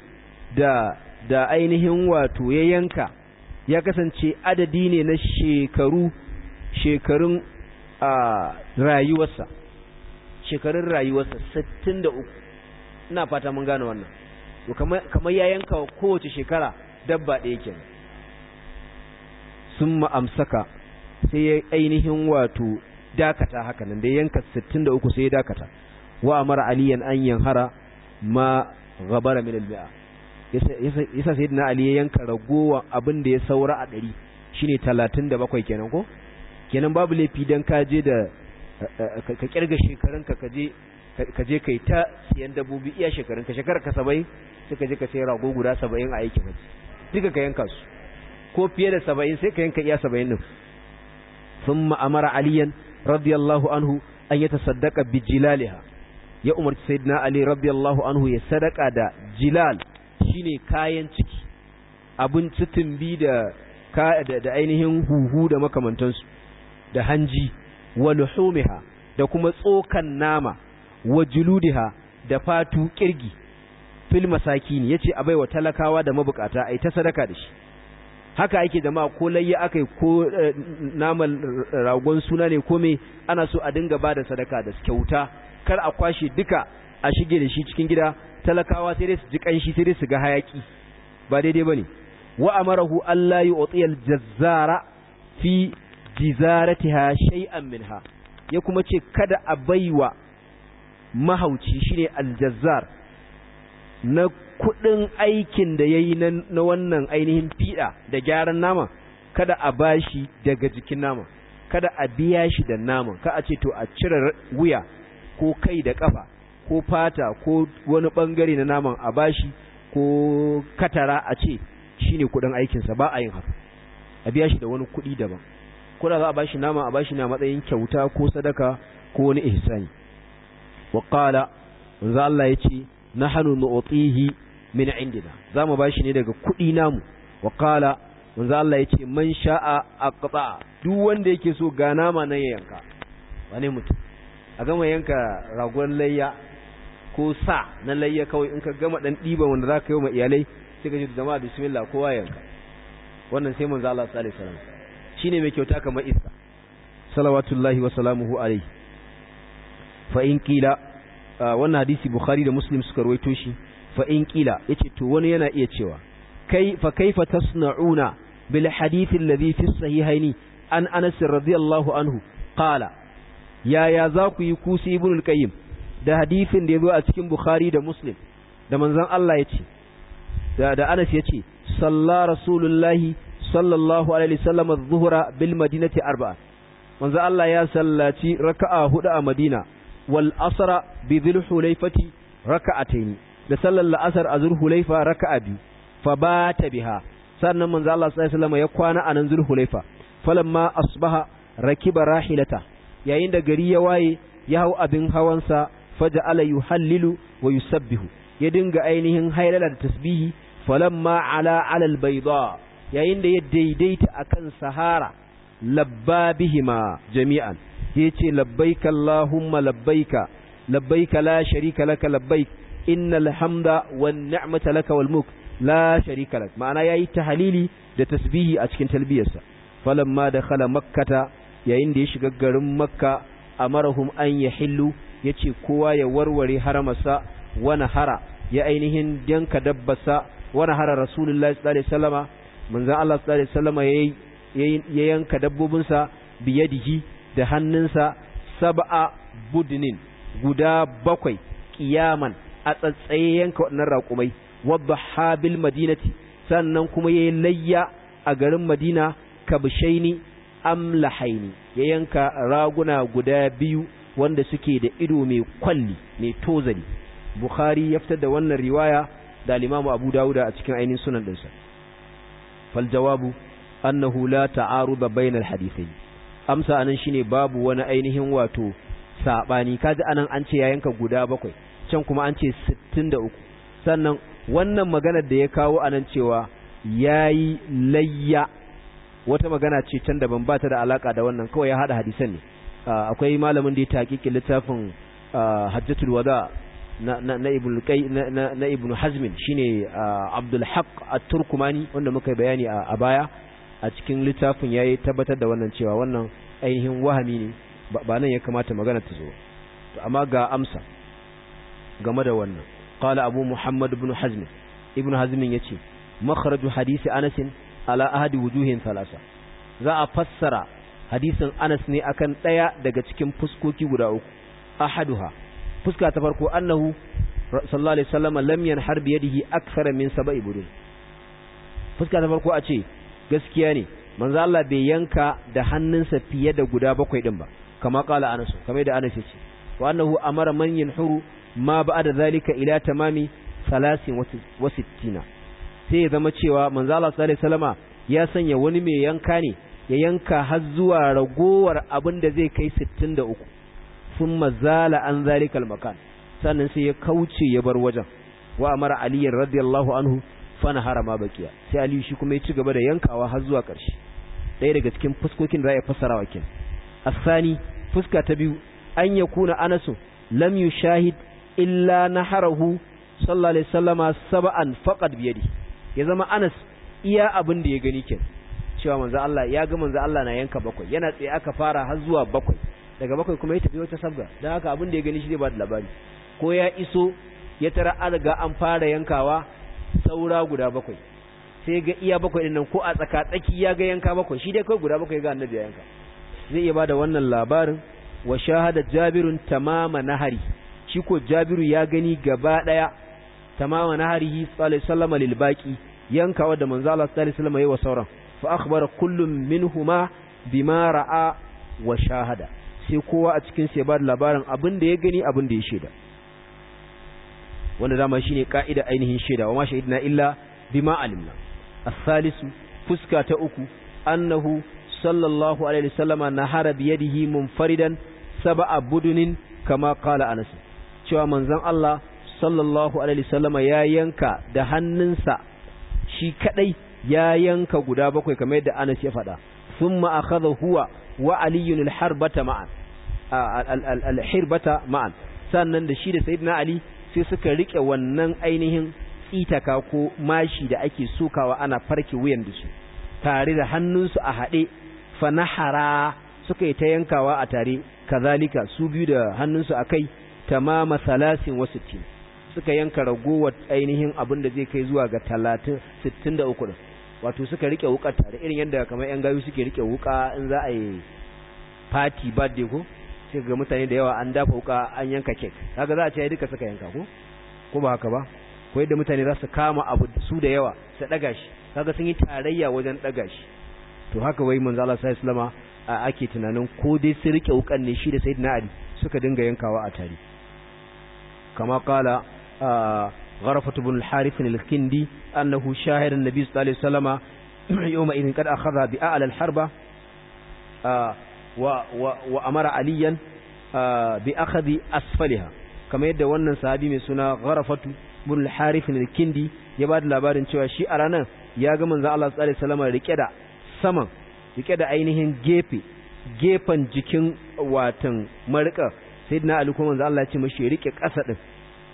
da da ainihin wato ya yanka ya kasance adadi ne na shekaru shekarun rayuwarsa shekarun rayuwarsa 63 ina fata mun gane wannan to kamar ya yanka kowace shekara dabba ɗaya ke. sun ma'amsaka sai ya ainihin wato dakata haka nan da yanka 63 sai ya dakata wa mara aliyan an yanhara ma gabara min albi'a yasa sayyidina ali ya yanka ragowa abin da ya saura a ɗari shine 37 kenan ko kenan babu laifi don ka je da eh, eh, ka kirga shekarun ka je ka je kai ta siyan dabobi iya shekarun ka shekarar ka sabai sai ka je ka sai rago guda saba'in a aikin haji duka ka yanka su ko fiye da saba'in sai ka yanka iya saba'in nan sun ma'amara aliyan radiyallahu anhu an yi tasaddaka bi jilaliha ya umarci sayyidina ali radiyallahu anhu ya sadaka da jilal shine kayan ciki abin bi da da ainihin huhu da makamantansu da hanji wa luhumiha da kuma tsokan nama wa juludiha da fatu kirgi fil masakin yace a baiwa talakawa da mabukata ai ta sadaka da shi haka ake jama'a ko layya akai ko eh, naman ragon suna ne ko me ana so a dinga bada sadaka da kyauta kar a kwashe duka a shige da shi cikin gida talakawa sai dai su ji kanshi sai dai su ga hayaki ba daidai bane wa amarahu Allah yu'tiyal jazzara fi jizaratiha shay'an minha ya kuma ce kada a baiwa mahauci shine aljazzar na kudin aikin da yayi na wannan ainihin fiɗa da gyaran nama kada a bashi daga jikin nama kada a biya shi da nama ka a ce to a cire wuya ko kai da kafa ko fata ko wani bangare na naman a bashi ko katara a ce shine kudin aikinsa ba a yin haka a biya shi da wani kudi daban ko da za a bashi nama a bashi na matsayin kyauta ko sadaka ko wani ihsani wa qala manzo Allah na nahnu nu'tihi min indina zamu bashi ne daga kudi namu wa qala manzo Allah yace man sha'a aqta duk wanda yake so ga nama nan yanka wane mutum a gama yanka ragon layya ko sa na layya kawai in ka gama dan diba wanda za ka yi wa iyalai sai ka ji jama'a bismillah kowa yanka wannan sai manzo Allah sallallahu alaihi wasallam shine mai kyauta kamar isa salawatullahi wa salamuhu alaihi Fa'in in qila wannan hadisi bukhari da muslim suka rawaito shi fa'in in qila yace to wani yana iya cewa kai fa kaifa tasna'una bil hadith alladhi fi sahihaini an anas radiyallahu anhu qala yaya za ku yi kusi ibn al-qayyim da hadisin da yazo a cikin bukhari da muslim da manzan Allah yace da da anas ce salla rasulullahi sallallahu alaihi wasallam adh-dhuhra bil madinati arba'a manzan Allah ya sallaci raka'a hudu a madina wal asra bi dhil hulaifati raka'atayn da sallar la'asar a zul hulaifa raka'a biyu fa bata biha sannan manzo Allah sallallahu ya kwana a nan zul hulaifa falamma asbaha rakiba rahilata yayin da gari ya waye ya hau abin hawansa faja'ala yuhallilu wa yusabbihu ya dinga ainihin hailala da tasbihi falamma ala alal bayda yayin da ya daidaita akan sahara labbabihima jami'an ya yace labbaika allahumma labbaika labbaika la sharika laka labbaik innal hamda wan ni'mata laka wal mulk la sharika lak ma'ana yayi tahalili da tasbihi a cikin talbiyarsa falamma dakhala makkata yayin da ya shiga garin makka amarahum an yahillu yace kowa ya warware haramarsa wa hara ya ainihin danka dabbasa wa hara rasulullahi sallallahu alaihi wasallama manzo Allah sallallahu alaihi wasallama yayi ya yanka dabbobinsa biyadihi da hannunsa sab'a budnin guda bakwai kiyaman a tsatsaye yanka waɗannan raƙumai wadda habil madinati sannan kuma ya layya a garin madina kabshaini amlahaini ya yanka raguna guda biyu wanda suke da ido mai kwalli mai tozali bukhari ya fitar da wannan riwaya da limamu abu dawuda a cikin ainihin sunan ɗinsa fal jawabu annahu la ta'aruda bainal hadisai amsa anan shine babu wani ainihin wato sabani kaji anan an ce ya yanka guda bakwai can kuma an ce 63 sannan wannan maganar da ya kawo anan cewa yayi layya wata magana ce can da ba ta da alaka da wannan kawai ya hada hadisan ne akwai malamin da ya taqiqi littafin hajjatul wada na ibn kai na ibn hazm shine abdul haq at-turkumani wanda muka bayani a baya a cikin littafin ya yi tabbatar da wannan cewa wannan ainihin wahami ne ba nan ya kamata magana ta zo to amma ga amsa game da wannan kala abu muhammad ibn hazmi ibn ya ce makhraju hadisi anasin ala ahadi wujuhin salasa za a fassara hadisin anas ne akan daya daga cikin fuskoki guda uku ahaduha fuska ta farko annahu sallallahu alaihi wasallam lam yanhar bi yadihi akthara min sab'i burud fuska ta farko a ce gaskiya ne manzo Allah bai yanka da hannunsa fiye da guda bakwai din ba kama kala anasu kamar da anasu ce wa annahu amara man yanhuru ma ba'da zalika ila tamami 63 sai ya zama cewa manzo Allah sallallahu alaihi wasallama ya sanya wani mai yanka ne ya yanka har zuwa ragowar abin da zai kai 63 sun mazala an zalikal makan sannan sai ya kauce ya bar wajen wa amara aliyyar radiyallahu anhu fana harama bakiya sai aliyu shi kuma ya ci gaba da yankawa har zuwa ƙarshe ɗaya daga cikin fuskokin da ya fassara wa kin asani fuska ta biyu an ya kuna anasu lam yushahid illa naharahu sallallahu alaihi wasallama sab'an faqad biyadi ya zama anas iya abin da ya gani kin cewa manzo Allah ya ga manzo Allah na yanka bakwai yana tsaye aka fara har zuwa bakwai daga bakwai kuma ya tafi wata sabga dan haka abin da ya gani shi zai ba da labari ko ya iso ya tara an riga an fara yankawa saura guda bakwai sai ga iya bakwai din nan ko a tsaka tsaki ya ga yanka bakwai shi dai kai guda bakwai ga annabi ya yanka zai iya bada wannan labarin wa shahada jabirun tamama nahari shi ko jabiru ya gani gaba daya tamama nahari sallallahu alaihi wasallam lil baqi wa da manzo Allah sallallahu alaihi wasallam yayi wa sauran fa akhbara kullum minhuma bima ra'a wa shahada sai kowa a cikin sai ba da labarin abin da ya gani abin da ya shaida wanda dama ne ka'ida ainihin shaida wa ma shahidna illa bima alimna as-salisu fuska ta uku annahu sallallahu alaihi wasallama nahara bi yadihi munfaridan sab'a budunin kama qala anas cewa manzon Allah sallallahu alaihi wasallama ya yanka da hannunsa shi kaɗai ya yanka guda bakwai kamar yadda Anas ya faɗa sun akhadha huwa wa aliyun al ma'an sannan da shi da sayyidina ali sai suka rike wannan ainihin tsitaka ko mashi da ake sukawa ana farki wuyan da su tare da hannunsu a haɗe fanahara suka yi ta yankawa a tare kazalika su biyu da hannunsu a kai ma masalasin wasu ce suka yanka ragowar ainihin abin da zai kai zuwa ga talatin sittin da uku wato suka rike wuka tare irin yadda kamar yan gayu suke rike wuka in za a yi fati birthday ko sai ga mutane da yawa an dafa wuka an yanka kek kaga za a ce duka suka yanka ko ko ba haka ba ko yadda mutane za su kama abu su da yawa su daga shi kaga sun yi tarayya wajen daga shi to haka wai manzo Allah sai sallama a ake tunanin ko dai sai rike wukan ne shi da sayyidina Ali suka dinga yankawa a tare kama kala غرفة annahu shahir an-nabi sallallahu alaihi wasallama yawma idin وسلم akhadha bi a'la al harba. wa wa amara aliyan uh, bi akhadhi asfaliha kamar yadda wannan sahabi mai suna gharafatu bin al-harith al-kindi ya ba da labarin cewa shi a ranar ya ga manzo Allah sallallahu alaihi wasallam rike da saman rike da ainihin gefe gefen jikin watan marika sayyidina ali kuma manzo Allah ya ce mashi rike ƙasa din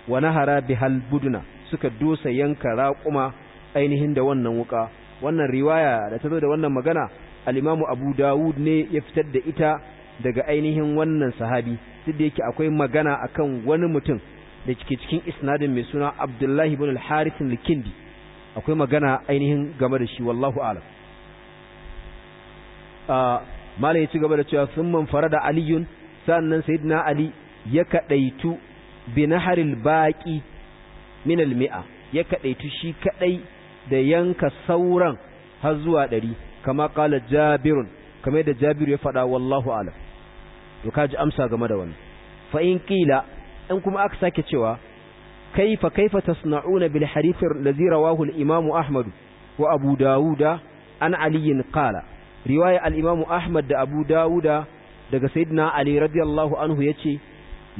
wa nahara bihal buduna suka dosa yanka raƙuma ainihin da wannan wuka wannan riwaya da ta zo da wannan magana Al'imamu Abu Dawud ne ya fitar da ita daga ainihin wannan sahabi duk da yake akwai magana akan wani mutum da ke cikin isnadin mai suna Abdullahi ibn al-Harith al akwai magana ainihin game da shi wallahu a'lam ah, malai ya ci gaba da cewa sun man farada aliyun sannan sayyidina ali ya kadaitu bi naharil baqi min al-mi'a ya kadaitu shi kadai da yanka sauran har zuwa ɗari kama qala jabirun kamar da jabiru ya faɗa wallahu alam to amsa game da wani fa in kuma aka sake cewa kaifa kaifa tasna'una bil harith allazi rawahu al ahmad wa abu dauda an aliyin qala riwaya al imam ahmad da abu dauda daga sayyidina ali radiyallahu anhu ce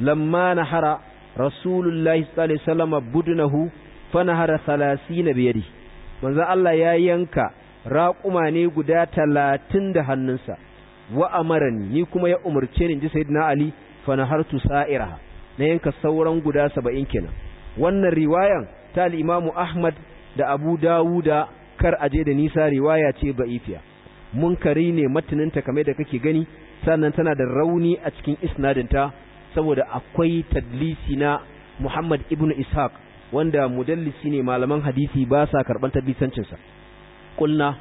lamma nahara rasulullahi sallallahu alaihi wasallam budnahu fa nahara 30 biyadi Allah ya yanka raƙuma ne guda talatin da hannunsa wa amarani ni kuma ya umarce ni ji sayyidina ali fa nahartu sa'iraha na yanka sauran guda saba'in kenan wannan riwayan ta al ahmad da abu dawuda kar aje da nisa riwaya ce ba'ifiya munkari ne mataninta kamar da kake gani sannan tana da rauni a cikin isnadinta saboda akwai tadlisi na Muhammad ibn Ishaq wanda mudallisi ne malaman hadisi ba sa karban tadlisancinsa qulna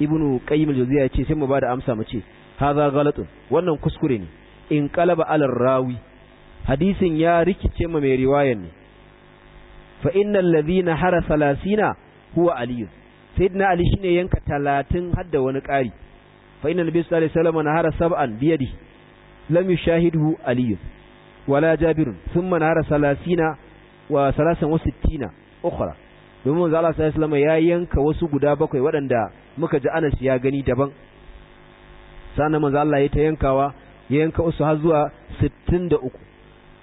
ibnu qayyim al-jawziya yace sai mu bada amsa mu ce hadha ghalatun wannan kuskure ne in qalaba ala rawi hadisin ya rikice ma mai riwayan ne fa innal ladhina hara salasina huwa ali sayyidina ali shine yanka 30 hadda wani ƙari fa innal nabiy sallallahu alaihi wasallam nahara sab'an bi yadihi lam yushahidhu ali wala jabir thumma nahara salasina wa salasan wa sittina ukhra domin manzo Allah sallallahu ya yanka wasu guda bakwai waɗanda muka ji Anas ya gani daban sannan manzo Allah ya ta yankawa ya yanka wasu har zuwa 63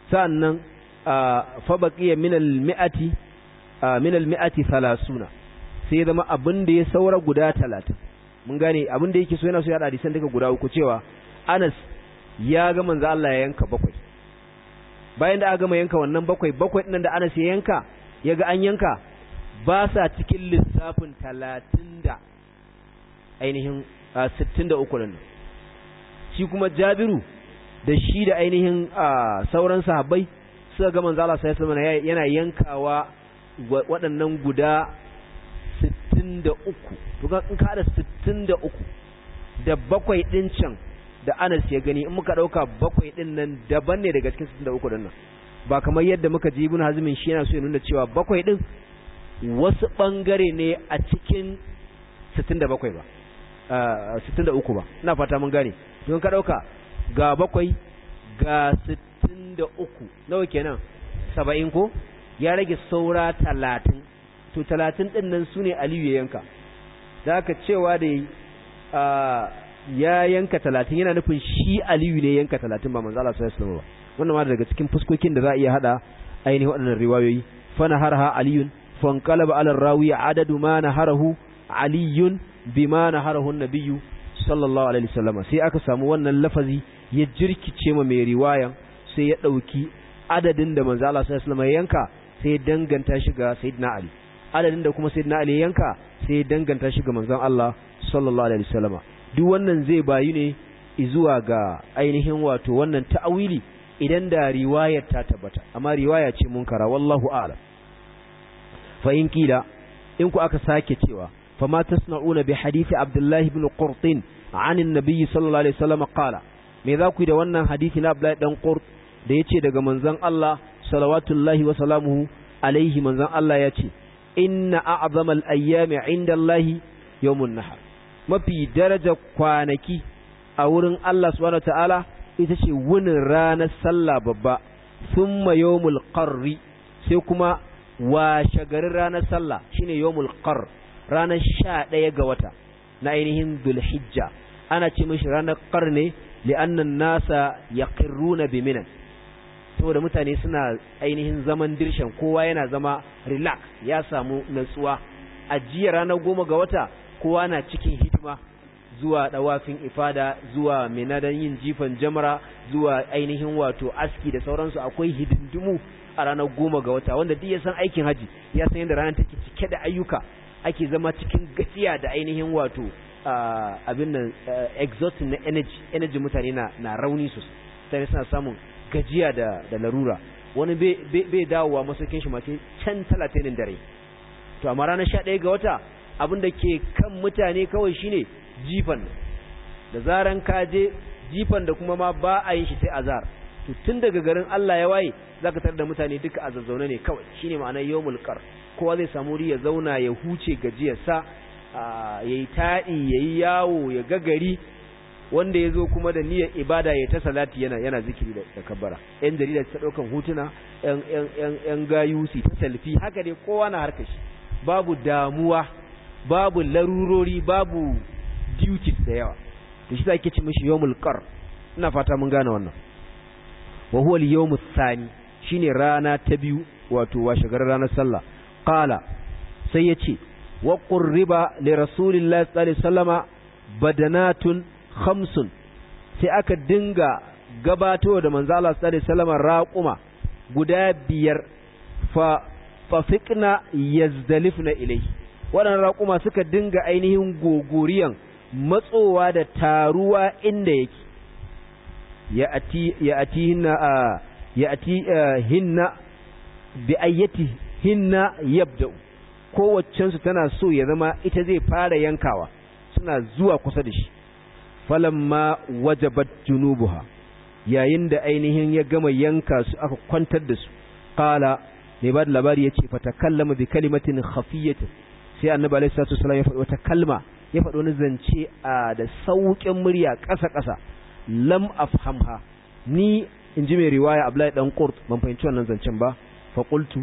sannan fa baqiya min al-mi'ati min al-mi'ati 30 sai ya zama abin da ya saura guda 30 mun gane abin da yake so yana so ya hada san daga guda uku cewa Anas ya ga manzo Allah ya yanka bakwai bayan da aka gama yanka wannan bakwai bakwai din da Anas ya yanka ya ga an yanka ba sa cikin lissafin talatin da ainihin a ah, sittin da uku nan shi kuma jabiru da shi da ainihin a ah, sauran sahabbai suka ga manzo Allah sallallahu yana yankawa waɗannan guda sittin da uku to ga in ka da sittin da uku da bakwai ɗin can da Anas ya gani in muka ɗauka bakwai ɗin nan daban ne daga cikin sittin da uku ɗin nan ba kamar yadda muka ji ibn hazmin shi yana so ya nuna cewa bakwai ɗin wasu bangare ne a cikin 67 ba uh, ah, 63 ba na fata mun gane don ka dauka ga bakwai ga 63 nawa kenan saba'in ko ya rage saura 30 to 30 din nan su ne Aliyu ya yanka da aka cewa da ah, ya yanka 30 yana nufin shi Aliyu ne yanka 30 ba manzo Allah sallallahu alaihi wasallam wannan ma daga cikin fuskokin da za a iya hada ainihin waɗannan riwayoyi fana harha aliyun فانقلب على الراوي عدد ما نهره علي بما نهره النبي صلى الله عليه وسلم sai aka samu wannan lafazi ya jirkice ma mai riwaya sai ya dauki adadin da manzo Allah sallallahu alaihi wasallam yanka sai danganta shi ga sayyidina Ali adadin da kuma sayyidina Ali yanka sai danganta shi ga manzo Allah sallallahu alaihi wasallam duk wannan zai bayu ne zuwa ga ainihin wato wannan ta'awili idan da riwayar ta tabbata amma riwaya ce munkara wallahu a'lam fa in kila in ku aka sake cewa fa ma tasna'una bi hadisi abdullahi ibn qurtin an annabi sallallahu alaihi wasallam qala me za ku yi da wannan hadisi na abdullahi dan qurt da yace daga manzon Allah salawatullahi wa salamuhu alaihi manzon Allah yace inna a'zamal ayyami 'inda Allahi yawmun nahar mafi daraja kwanaki a wurin Allah subhanahu ta'ala ita ce wunin ranar sallah babba thumma yawmul qarri sai kuma wa shagarin ranar sallah shine yawmul qar ranar 11 ga wata na ainihin dhulhijja ana ce mishi ranar qar ne li'anna nasa yaqirruna bi minan saboda mutane suna ainihin zaman dirshan kowa yana zama relax ya samu natsuwa a ranar goma ga wata kowa na cikin hidima zuwa dawafin ifada zuwa minadan yin jifan jamra zuwa ainihin wato aski da sauransu akwai hidindimu a ranar goma ga wata wanda duk ya san aikin haji ya san yadda ranar take cike da ayyuka ake zama cikin gajiya da ainihin wato abin nan exhausting na energy energy mutane na na rauni sosai mutane suna samun gajiya da da larura wani bai dawowa masaukin shi mace can talatin dare to amma ranar sha ɗaya ga wata abin da ke kan mutane kawai shine jifan da zaran ka je jifan da kuma ma ba a yin shi sai azar to tun daga garin Allah ya waye zaka tar da mutane duka a zazzaune ne kawai shine ma'anar yawmul qar kowa zai samu ya zauna ya huce gajiyarsa yayi taɗi yayi yawo ya gagari wanda yazo kuma da niyyar ibada ya ta salati yana yana zikiri da takabbara yan jarida ta daukan hutuna yan yan yan yan gayusi ta salfi haka dai kowa na harka shi babu damuwa babu larurori babu duties da yawa to shi ake ce mishi yawmul qar ina fata mun gane wannan wa huwa al-yawm ath-thani shine rana ta biyu wato washegar ranar sallah qala sai yace wa qurriba li rasulillahi sallallahu alaihi wasallama badanatun khamsun sai aka dinga gabato da manzo Allah sallallahu alaihi raquma guda biyar fa fafiqna yazdalifna ilayhi waɗannan raƙuma suka dinga ainihin gogoriyan matsowa da taruwa inda yake ya'tihinna bi ayyatihinna yabda'u kowaccen su tana so ya zama ita zai fara yankawa suna zuwa kusa da shi falamma wajabat junubuha yayin da ainihin ya gama yanka su aka kwantar da su qala mai ba da labari yace fa takallama bi kalimatin khafiyatin sai annabi alaihi salatu wasallam ya faɗi wata kalma ya faɗi wani zance a da sauƙin murya ƙasa ƙasa lam afhamha ni in ji mai riwaya Abdullahi dan Qurt ban fahimci wannan zancen ba fa qultu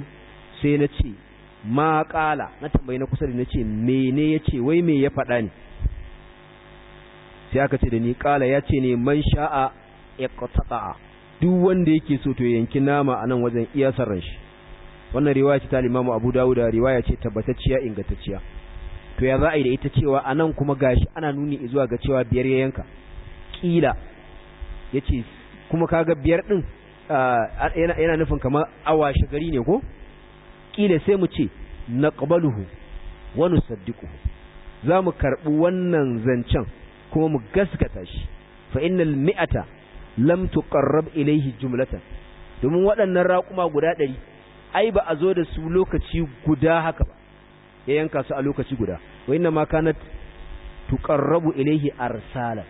sai na ce ma qala na tambayi na kusa da na ce mene yace wai me ya faɗa ni sai aka ce da ni qala yace ne man sha'a iqta'a duk wanda yake so to yanki nama anan wajen iyasar ran shi wannan riwaya ce ta limamu Abu Dawud riwaya ce tabbatacciya ingantacciya to ya za a yi da ita cewa anan kuma gashi ana nuni zuwa ga cewa biyar ya yanka kila Ya ce kuma kaga biyar din yana nufin kamar awa shagari ne ko ƙila sai mu ce wani saddiku za mu karɓi wannan zancen kuma mu gaskata shi fa mi'ata lamtu ƙarrab ilaihi jumlatan domin waɗannan raƙuma guda ɗari ai ba a zo da su lokaci guda haka ba ya yanka su a lokaci guda wa inna ma kanat tuƙarrabu ilaihi arsala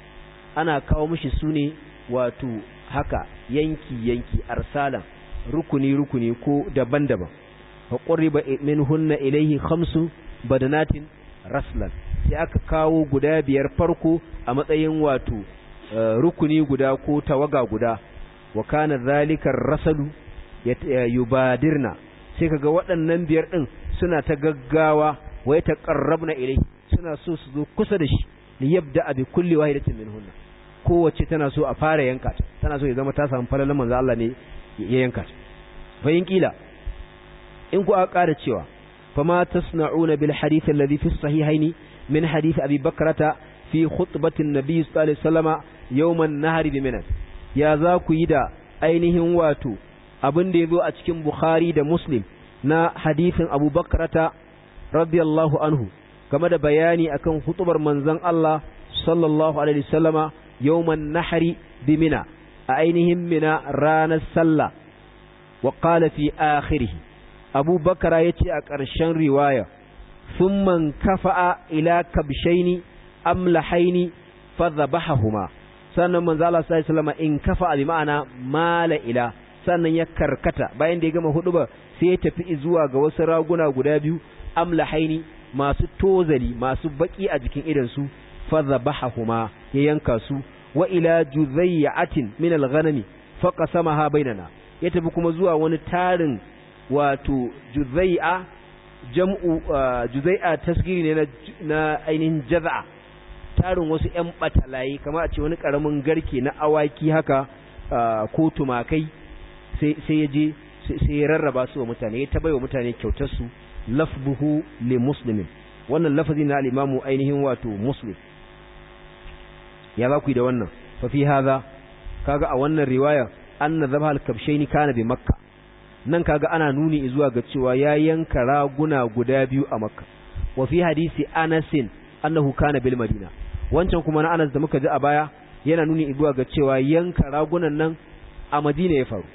ana kawo mashi su ne wato haka yanki yanki arsalan rukuni rukuni ko daban-daban fa min hunna ilayhi khamsu badanatin raslan sai aka kawo guda biyar farko a matsayin wato eh, rukuni guda ko tawaga guda wa kana zalikar rasalu eh, yubadirna sai kaga waɗannan biyar din suna ta gaggawa wa yataqarrabna ilayhi suna so su zo kusa da shi liyabda bi kulli wahidatin minhunna kowace tana so a fara yanka ta tana so ya zama ta samu falalan manzo Allah ne ya yanka ta fa in kila in ku a ƙara cewa fama tasna'una bil hadith alladhi fi sahihaini min hadith abi bakrata fi khutbatin nabi sallallahu alaihi wasallama yawman nahari bi minas ya za ku yi da ainihin wato abin da zo a cikin bukhari da muslim na hadithin abu bakrata radiyallahu anhu game da bayani akan hutubar manzon Allah sallallahu alaihi wasallama yawman nahari bi mina a ainihin mina ranar sallah wa qala fi akhirih abu bakara yace a ƙarshen riwaya kafa a ila kabshaini amlahaini fadhabahuma sannan manzo Allah sallallahu alaihi wasallam in kafa bi ma'ana mala ila sannan ya karkata bayan da ya gama ba sai ya tafi zuwa ga wasu raguna guda biyu amlahaini masu tozali masu baki a jikin idansu baha zabahuma ya yanka su wa'ila ila juzayyatin min al-ghanami fa qasamaha bainana ya tafi kuma zuwa wani tarin wato juzayya jam'u ah, juzayya tasgiri ne na ainihin jaza'a tarin wasu 'yan batalayi kamar a ce wani karamin garke na awaki haka ah, ko tumakai sai ya je sai ya rarraba su a mutane ya taba wa mutane kyautar su lafbuhu li muslimin wannan lafazi na al-imamu ainihin wato muslim ya za ku da wannan fa fi hadha kaga a wannan riwaya anna zabha al-kabshaini kana bi makka nan kaga ana nuni zuwa ga cewa ya yanka raguna guda biyu a makka wa fi hadisi anasin annahu kana bil madina wancan kuma na anas da muka ji a baya yana nuni zuwa ga cewa yanka ragunan nan a madina ya faru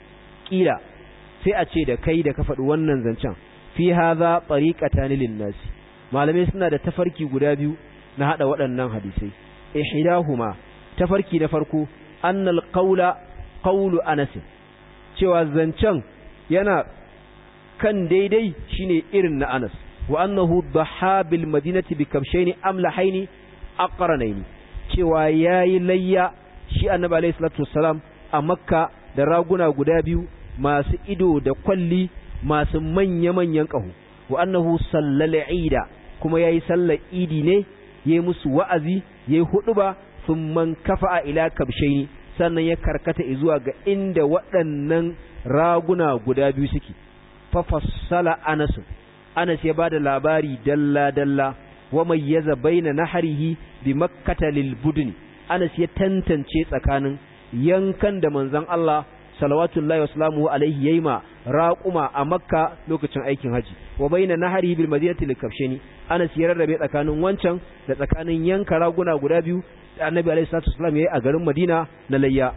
kila sai a ce da kai da ka faɗi wannan zancen fi hadha tariqatan lin nas malamai suna da tafarki guda biyu na hada waɗannan hadisai ta tafarki da farko annal qawla qawlu anas cewa zancen yana kan daidai shine irin na anas wa annahu dhaha bil madinati bi amlahayn aqranayn cewa yayi layya shi annabi alayhi salatu wassalam a makka da raguna guda biyu masu ido da kwalli masu manya-manyan ƙaho wa annahu sallal ida kuma yayi sallar idi ne yayi musu wa'azi yayi huduba kafa a ila kabshaini sannan ya karkata zuwa ga inda waɗannan raguna guda biyu suke fa fassala Anas Anas ya bada labari dalla dalla wa mayyaza na naharihi bi makkata lil budni Anas ya tantance tsakanin yankan da manzon Allah salawatullahi wasalamu alaihi yaima raƙuma a makka lokacin aikin haji wa baina nahari bil madinati likafshini ana siyarar rabe tsakanin wancan da tsakanin yanka raguna guda biyu da annabi alayhi salatu wasallam yayi a garin madina na layya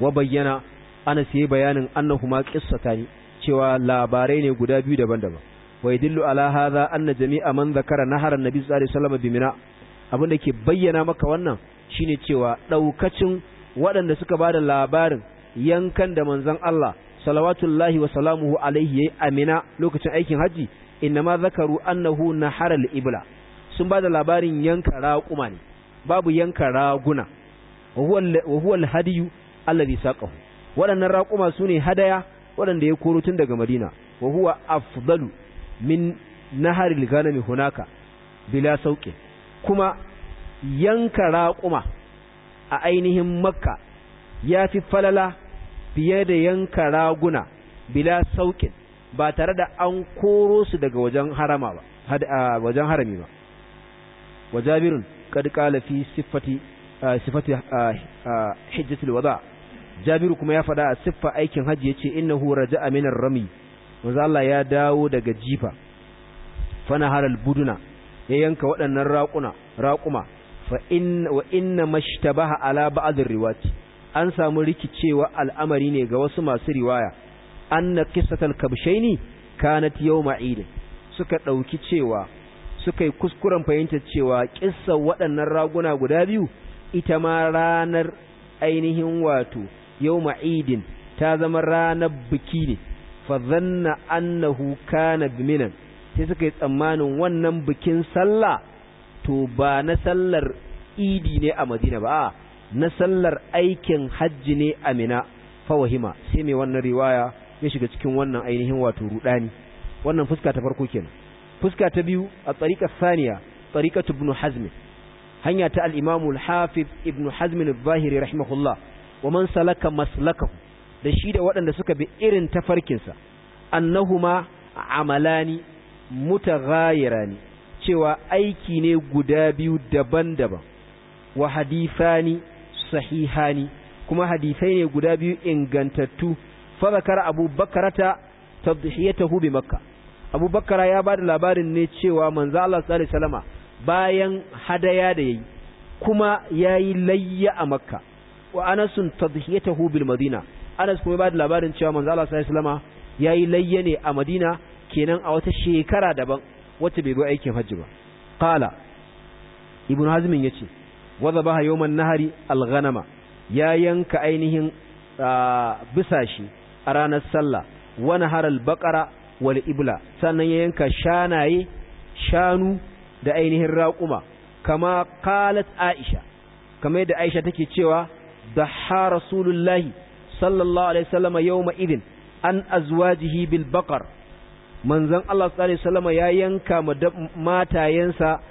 wa bayyana ana siye bayanin annahuma qissatani cewa labarai ne guda biyu daban-daban wa yadullu ala hadha anna jami'a man zakara nahar annabi sallallahu alaihi wasallam bi mina abin ke bayyana maka wannan shine cewa daukacin waɗanda suka bada labarin yankan da manzon Allah salawatullahi wa salamuhu alaihi yayi amina lokacin aikin haji ma zakaru annahu nahara al-ibla sun bada labarin yanka raquma ne babu yanka raguna wa huwa al-hadiyu alladhi saqahu wadannan raquma sune hadaya wadanda ya koro tun daga Madina wa huwa afdalu min nahari al-ghanami hunaka bila sauki kuma yanka raquma a ainihin Makka ya fi falala fiye da yanka raguna bila saukin ba tare da an koro su daga wajen harama ba wajen harami ba wa kad qala fi sifati sifati hajjatul wada jabiru kuma ya fada a siffa aikin haji yace innahu raja'a min ar-rami manzo Allah ya dawo daga jifa fana haral buduna ya yanka waɗannan raquna raƙuma fa in wa inna mashtabaha ala ba'd ar-riwati an samu rikicewa al'amari ne ga wasu masu riwaya anna qissatal kabshaini kanat yawma eid suka dauki cewa suka yi kuskuren fahimtar cewa ƙisa waɗannan raguna guda biyu ita ma ranar ainihin wato yawma eid ta zama ranar biki ne fa zanna annahu kana biminan sai suka yi tsammanin wannan bikin sallah to ba na sallar idi ne a Madina ba a'a na sallar aikin hajji ne amina fawahima sai mai wannan riwaya ya shiga cikin wannan ainihin wato rudani wannan fuska ta farko kenan fuska ta biyu a tsarika saniya tsarika ibn hazm hanya ta al-imamu al-hafiz ibn hazm al-zahiri rahimahullah wa man salaka maslakahu da shi da waɗanda suka bi irin tafarkinsa annahuma amalani mutaghayirani cewa aiki ne guda biyu daban-daban wa hadifani sahihani kuma hadisai ne guda biyu ingantattu fa zakara Abu Bakrata tadhiyatahu bi Makka Abu Bakara ya bada labarin ne cewa manzo Allah sallallahu alaihi wasallama bayan hadaya da yayi kuma yayi layya a Makka wa Anas tadhiyatahu bil Madina Anas kuma bada labarin cewa manzo Allah sallallahu alaihi wasallama yayi layya ne a Madina kenan a wata shekara daban wacce bai zo aikin hajji ba qala ibnu hazmin yace wadda ba yawman nahari alghanama ya yanka ainihin bisashi a ranar sallah wani harar bakara wal ibla sannan ya yanka shanaye shanu da ainihin raƙuma kama qalat aisha kama yadda aisha take cewa da ha rasulullahi sallallahu alaihi sallama yawma idin an azwajihi bil baqar manzon Allah sallallahu alaihi ya yanka matayensa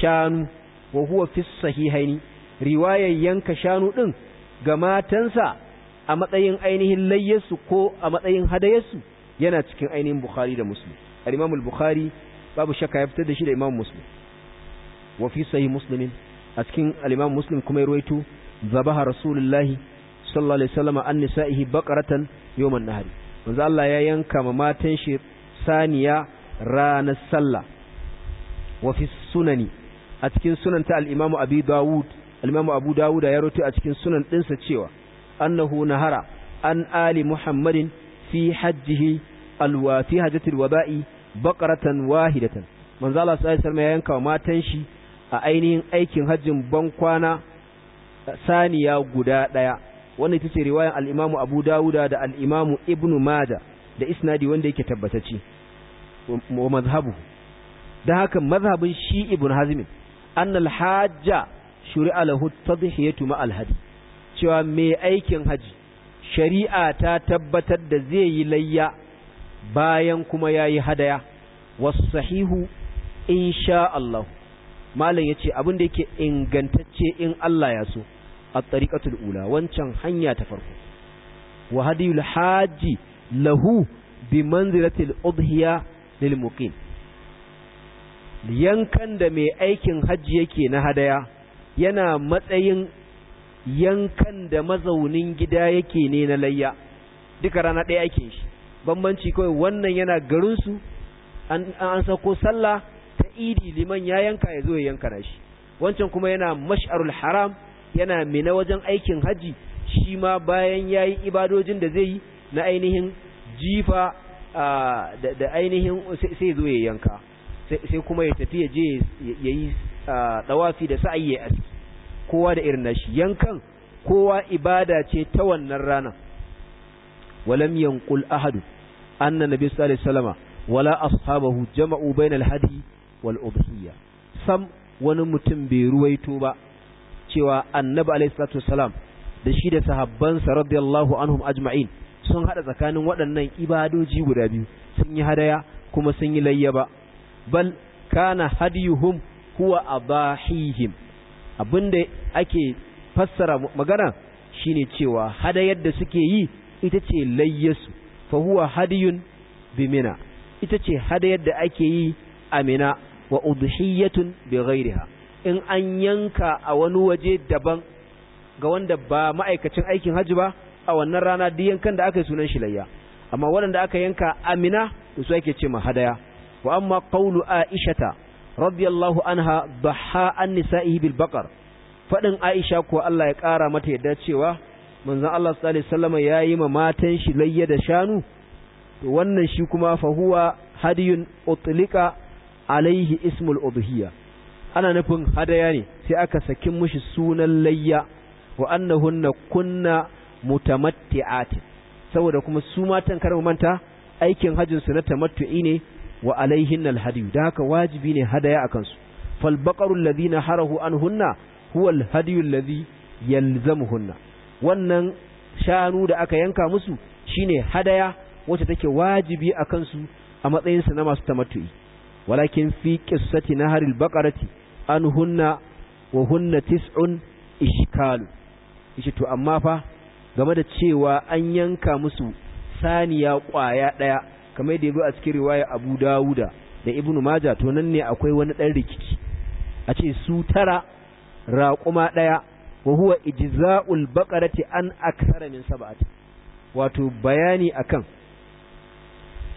shanu wa huwa fi sahihaini riwayar yanka shanu din ga matansa a matsayin ainihin layyarsu ko a matsayin hadayarsu yana cikin ainihin bukhari da muslim al-imam al-bukhari babu shakka ya fitar da shi da imam muslim wa fi sahih muslimin a cikin al-imam muslim kuma ya ruwaito zabaha rasulullahi sallallahu alaihi wasallam an nisa'ihi baqaratan yawman nahari manzo Allah ya yanka ma matan shi saniya ranar sallah wa fi sunani a cikin sunan ta al-Imam Abi Dawud al Abu Dawud ya rawaito a cikin sunan ɗinsa cewa annahu nahara an ali Muhammadin fi hajjihi alwati hajjatul wada'i baqaratan wahidatan manzo Allah sallallahu alaihi ya yanka matan shi a ainihin aikin hajjin ban kwana eh, saniya guda ɗaya wannan ita ce riwayan al Abu Dawud da al-Imam Ibn Majah da isnadi wanda yake tabbataci wa mazhabu da haka mazhabin shi Ibn hazmin an alhajja shuri'a lahu tadhiyatu ma alhadi cewa me aikin haji shari'a ta tabbatar da zai yi layya bayan kuma yayi hadaya sahihu insha Allah malam yace abin da yake ingantacce in Allah ya so a tariqatul ula wancan hanya ta farko wa hadiyul haji lahu bi manzilatil udhiya lil muqim yankan da mai aikin hajji yake na hadaya yana matsayin yankan da mazaunin gida yake ne na layya duka rana ɗaya aikin shi bambanci kawai wannan yana garinsu an sako sallah ta idi liman ya yanka ya zo ya yanka na shi wancan kuma yana mash'arul haram yana mina wajen aikin hajji shi ma bayan ya yi ibadojin da zai yi na ainihin jifa ah, da ainihin sai zo ya yanka sai kuma ya tafi ya je ya yi dawafi da sa'ayi ya aski kowa da irin nashi yankan kowa ibada ce ta wannan rana walam yanqul ahad anna nabi sallallahu alaihi wala ashabahu jama'u bainal hadi wal sam wani mutum bai ruwaito ba cewa annabi alaihi salatu wasalam da shi da sahabbansa radiyallahu anhum ajma'in sun hada tsakanin waɗannan ibadoji guda biyu sun yi hadaya kuma sun yi layya ba bal kana hadiyuhum huwa abahihim abinda ake fassara magana shine cewa hadayar da suke yi ita ce layyasu fa huwa hadiyun bimina ita ce hadayar da ake yi amina wa udhiyatun bi ghairiha in an yanka a wani waje daban ga wanda ba ma'aikacin aikin hajji ba a wannan rana duk yankan da aka yi sunan shi layya amma waɗanda aka yanka amina su ake ce ma hadaya wa amma qawlu aishata radiyallahu anha dhaha an nisa'ihi bil faɗin aisha ko Allah ya ƙara mata ya yadda cewa manzon Allah sallallahu alaihi wasallam yayi ma matan shi layya da shanu to wannan shi kuma fa huwa hadiyun utlika alaihi ismul udhiya ana nufin hadaya ne sai aka sakin mushi sunan layya wa annahunna kunna mutamatti'at saboda kuma su matan kar manta aikin hajjin su na tamattu'i ne wa alaihin alhadiyu da haka wajibi ne hadaya a kansu falbaƙarun lazi na harahu an hunna huwa alhadiyun lazi yalzamu hunna wannan shanu da aka yanka musu shine hadaya wacce take wajibi a kansu a matsayinsu na masu tamattu'i walakin fi qissati naharil baqarati an hunna wa hunna tis'un ishkalu ishi to amma fa game da cewa an yanka musu saniya kwaya daya kamar da yazo a cikin riwaya Abu Dawuda da Ibn Majah to nan ne akwai wani dan rikici a ce su tara raquma daya wa huwa ijza'ul baqarati an akthara min sab'ati wato bayani akan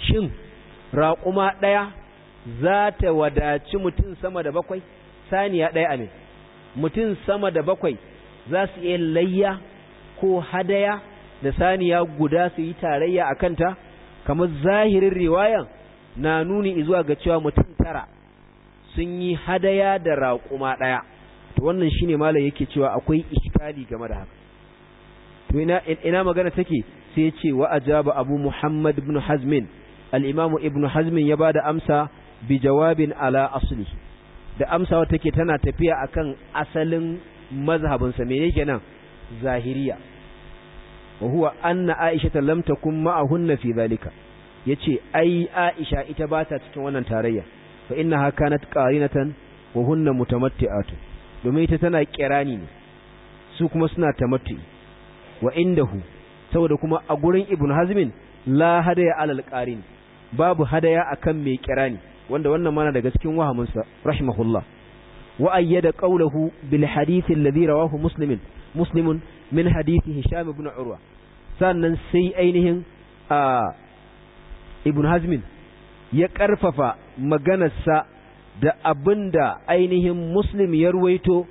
shin raƙuma ɗaya za ta wadaci mutum sama da bakwai saniya ɗaya amin mutum sama da bakwai za su iya layya ko hadaya da saniya guda su yi tarayya a kanta kamar zahirin riwayan na nuni zuwa ga cewa mutum tara sun yi hadaya da raƙuma ɗaya to wannan shine malam yake cewa akwai iskali game da haka to ina ina magana take sai ce wa ajaba abu muhammad ibn hazmin al ibn hazmin ya ba da amsa bi jawabin ala asli da amsawa take tana tafiya akan asalin mazhabinsa menene kenan zahiriya wa huwa anna aisha lam takun ma'ahunna fi zalika yace ai aisha ita ba ta cikin wannan tarayya fa innaha kanat qarinatan wa hunna mutamatti'atu domin ita tana kirani ne su kuma suna tamattu wa indahu saboda kuma a gurin ibn hazmin la hadaya alal qarin babu hadaya akan mai kirani wanda wannan mana daga cikin wahaminsa rahimahullah wa ayyada qawluhu bil hadith alladhi rawahu muslimin muslimun min hadith hisham ibn urwa sannan sai ainihin a ibn hazmin ya ƙarfafa maganarsa da abin da ainihin muslim ya ruwaito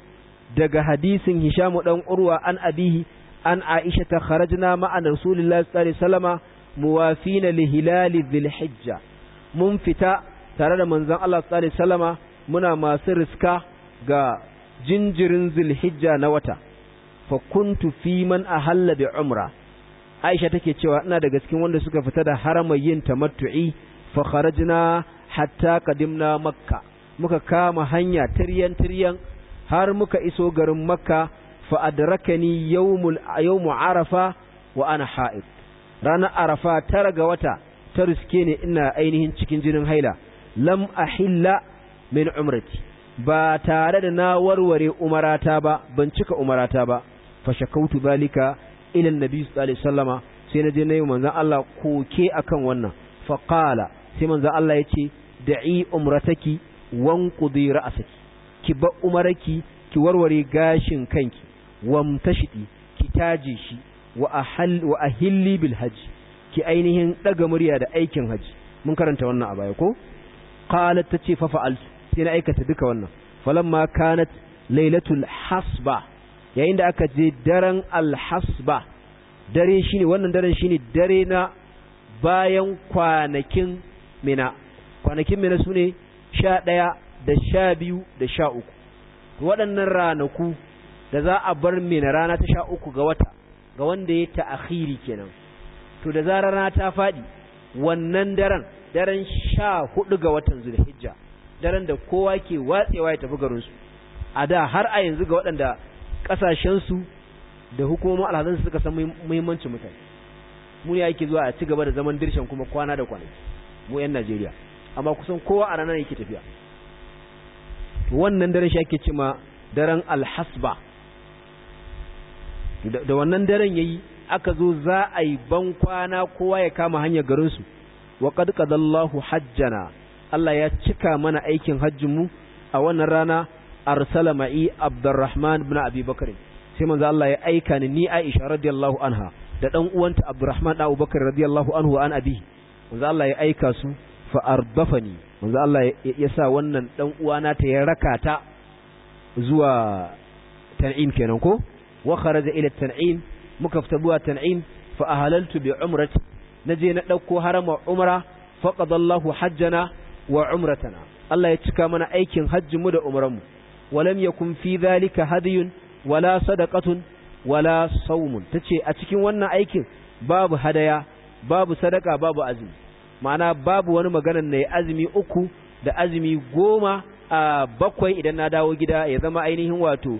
daga hadisin hishamu ɗan urwa an abihi an aisha ta kharajna ma'an rasulullahi sallallahu alaihi wasallama muwafina li hilali dhil hijja mun fita tare da manzon Allah sallallahu alaihi muna masu riska ga jinjirin zilhijja na wata fa kuntu fi man ahalla bi umra Aisha take cewa ina daga cikin wanda suka fita da haramar yin tamattu'i fa kharajna hatta kadimna makka muka kama hanya tiryan tiryan har muka iso garin makka fa adrakani yawmul yawmu arafa wa ana ha'id ranar arafa tara ga wata ta riske ne ina ainihin cikin jinin haila lam ahilla min umrati ba tare da na warware umarata ba ban cika umarata ba fa shakautu balika. ilan nabi sallallahu alaihi wasallama sai na je nayi manzon Allah koke akan wannan fa qala sai manzon Allah yace da'i umrataki wanqudi ra'saki ki ba umaraki ki warware gashin kanki wamtashiti ki taje shi wa ahal wa ahilli bil hajj ki ainihin daga murya da aikin hajji mun karanta wannan a baya ko qalat tace fa fa'al sai na aikata duka wannan falamma kanat lailatul hasba yayin da aka je daren alhasba dare shine wannan daren shine dare na bayan kwanakin mina kwanakin mina ne sha ɗaya da sha biyu da sha uku waɗannan ranaku da za a bar mina rana ta sha uku ga wata ga wanda ya akhiri kenan to da zarar rana ta faɗi wannan daren daren sha hudu ga watan hijja daren da kowa ke watsewa ya tafi garinsu a da har a yanzu ga waɗanda kasashensu da hukumar alhazansu suka san muhimmancin mutane mu ya yake zuwa a ci gaba da zaman dirshan kuma kwana da kwanaki mu 'yan najeriya amma kusan kowa a ranar yake tafiya wannan daren shi ake cima daren alhasba da wannan daren yayi aka zo za a yi ban kwana kowa ya kama hanyar garinsu wa qad qadallahu hajjana Allah ya cika mana aikin hajjin mu a wannan rana arsala ma'i Abdurrahman ibn Abi Bakr sai manzo Allah ya aika ni ni Aisha radiyallahu anha da dan uwanta Abdurrahman da Abubakar radiyallahu anhu an abi manzo Allah ya aika su fa Arbafani manzo Allah ya sa wannan dan uwana ta ya raka ta zuwa tan'in kenan ko wa kharaja ila tan'in muka fita zuwa tan'in fa ahalaltu bi umrati naje na dauko harama umra faqadallahu hajjana wa umratana Allah ya cika mana aikin hajjinmu da umranmu walam yakun fi zalika hadiyun wala sadakatun wala saumun tace a cikin wannan aikin babu hadaya babu sadaka babu azumi ma'ana babu wani maganar na azumi uku da azumi goma a bakwai idan na dawo gida ya zama ainihin wato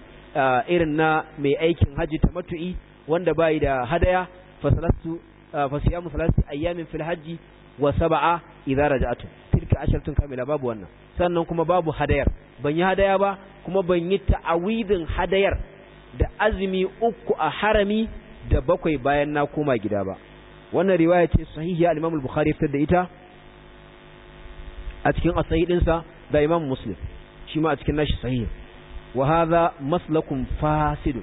irin na mai aikin haji ta matu'i wanda bai da hadaya fasalatu fasiyamu salati ayyamin fil hajji wa sab'a idza raja'tu tilka asharatun kamila babu wannan sannan kuma babu hadayar ban yi hadaya ba kuma ban yi ta'awidin hadayar da azumi uku a harami da bakwai bayan na koma gida ba wannan riwaya ce sahihiya al-Imam al-Bukhari fitar da ita a cikin as da Imam Muslim shi ma a cikin nashi sahih wa hadha maslakun fasid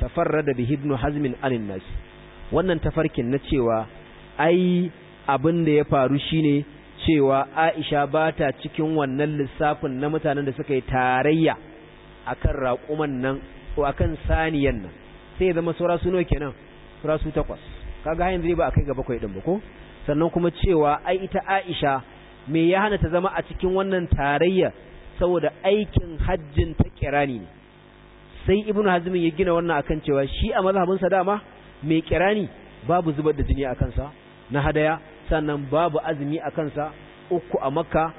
tafarrada bi ibn Hazm anin nas wannan tafarkin na cewa ai abin da ya faru shine cewa Aisha ba ta cikin wannan lissafin na mutanen da suka yi tarayya a kan raƙuman nan ko a kan saniyan nan sai zama saura su kenan saura su takwas kaga hain zai ba a kai ga bakwai din ba ko sannan kuma cewa ai ita Aisha me ya hana ta zama a cikin wannan tarayya saboda aikin hajjin ta kirani ne sai Ibn Hazmin ya gina wannan akan cewa shi a mazhabinsa dama mai kirani babu zubar da jini a kansa na hadaya sannan babu azumi a kansa uku a maka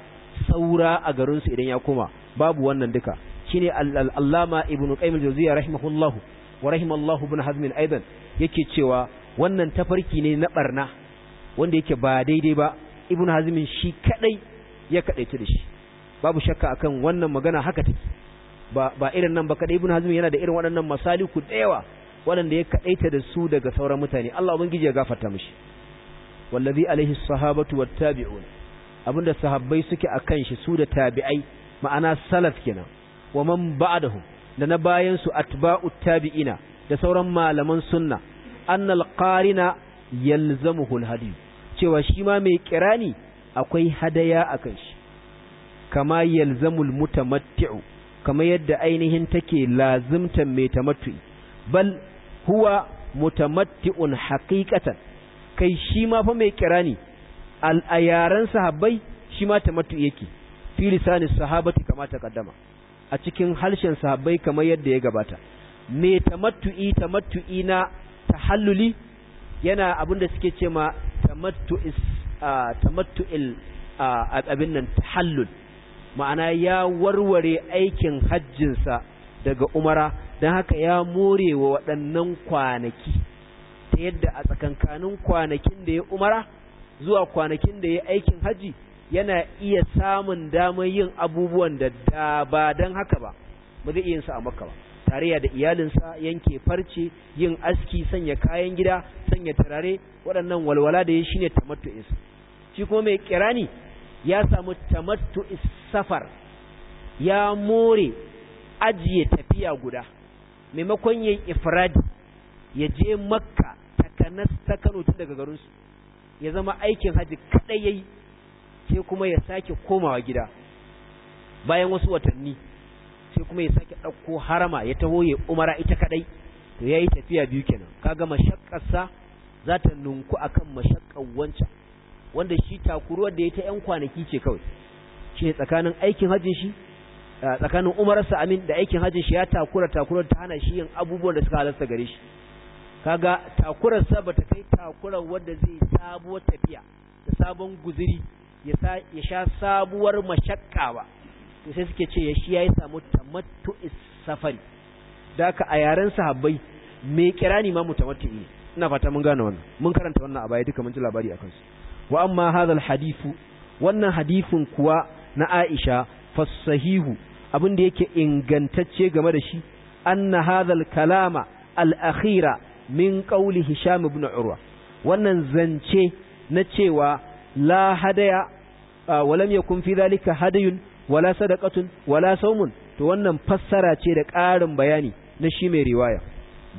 saura a garinsu idan ya koma babu wannan duka shine ne al’allama Ibn ƙaimil al rahimahullahu wa rahimallahu bin hazmin aidan yake cewa wannan tafarki ne na barna wanda yake ba daidai ba Ibn hazmin shi kadai ya kadaice da shi babu shakka akan wannan magana haka take ba irin nan ba kadai Ibn hazmin yana da irin waɗannan masaliku da yawa waɗanda ya kadaita da su daga sauran mutane Allah ubangiji ya gafarta mishi wallazi alaihi sahabatu wattabi'un abinda sahabbai suke akan shi su da tabi'ai ma'ana salaf kenan wa man da na bayan su atba'u tabi'ina da sauran malaman sunna annal qarina yalzamuhu alhadi cewa shi ma mai kirani akwai hadaya akan shi kama yalzamul mutamatti'u kama yadda ainihin take lazimtan mai tamattu'i bal huwa mutamatti'un haqiqatan kai shi ma fa mai kirani a yaren sahabbai shi ma ta matu yake fi lisanin sahabati kama kaddama a cikin harshen sahabbai kamar yadda ya gabata me ta tamattu'i na tahalluli yana abin da suke ce ma tamattu'is a abin nan tahallul ma'ana ya warware aikin hajjinsa daga umara don haka ya more wa waɗannan kwanaki ta yadda a tsakankanin kwanakin da ya umara zuwa kwanakin da ya aikin haji yana iya samun damar yin abubuwan da da ba don haka ba ba zai iya a makka ba tarayya da iyalinsa yanke farce yin aski sanya kayan gida sanya turare waɗannan walwala da ya ne tamattu'insa shi kuma mai kirani ya samu tamattu'is safar ya more ajiye tafiya guda maimakon yin ifradi ya je makka ta na tun daga garinsu ya zama aikin haji kadai yayi yi sai kuma ya sake komawa gida bayan wasu watanni sai kuma ya sake dauko harama ya taho ya umara ita kadai to ya tafiya biyu kenan kaga sa za ta nunku akan mashakkar wancan wanda shi takuruwar da ya ta ‘yan kwanaki ce kawai shi tsakanin aikin hajin shi tsakanin umararsa amin da aikin hajin shi ya takura takurar ta hana shi yin abubuwan da suka halarta gare shi kaga takurar sa bata kai takurar wanda zai sabuwar tafiya da sabon guziri ya sha sabuwar mashakka ba to sai suke ce ya shi yayi samu tamattu safari daka a yaren sahabbai me kirani ma mutamattu ne ina fata mun gane wannan mun karanta wannan a baya duka mun ji labari akan su wa amma hadal hadithu wannan hadifin kuwa na Aisha fasahihu abin da yake ingantacce game da shi anna hadal kalama al-akhira min ƙauli hisham ibn urwa wannan zance na cewa la hadaya walam yakun fi dhalika hadayun wala sadaqatun wala saumun to wannan fassara ce da ƙarin bayani na shi mai riwaya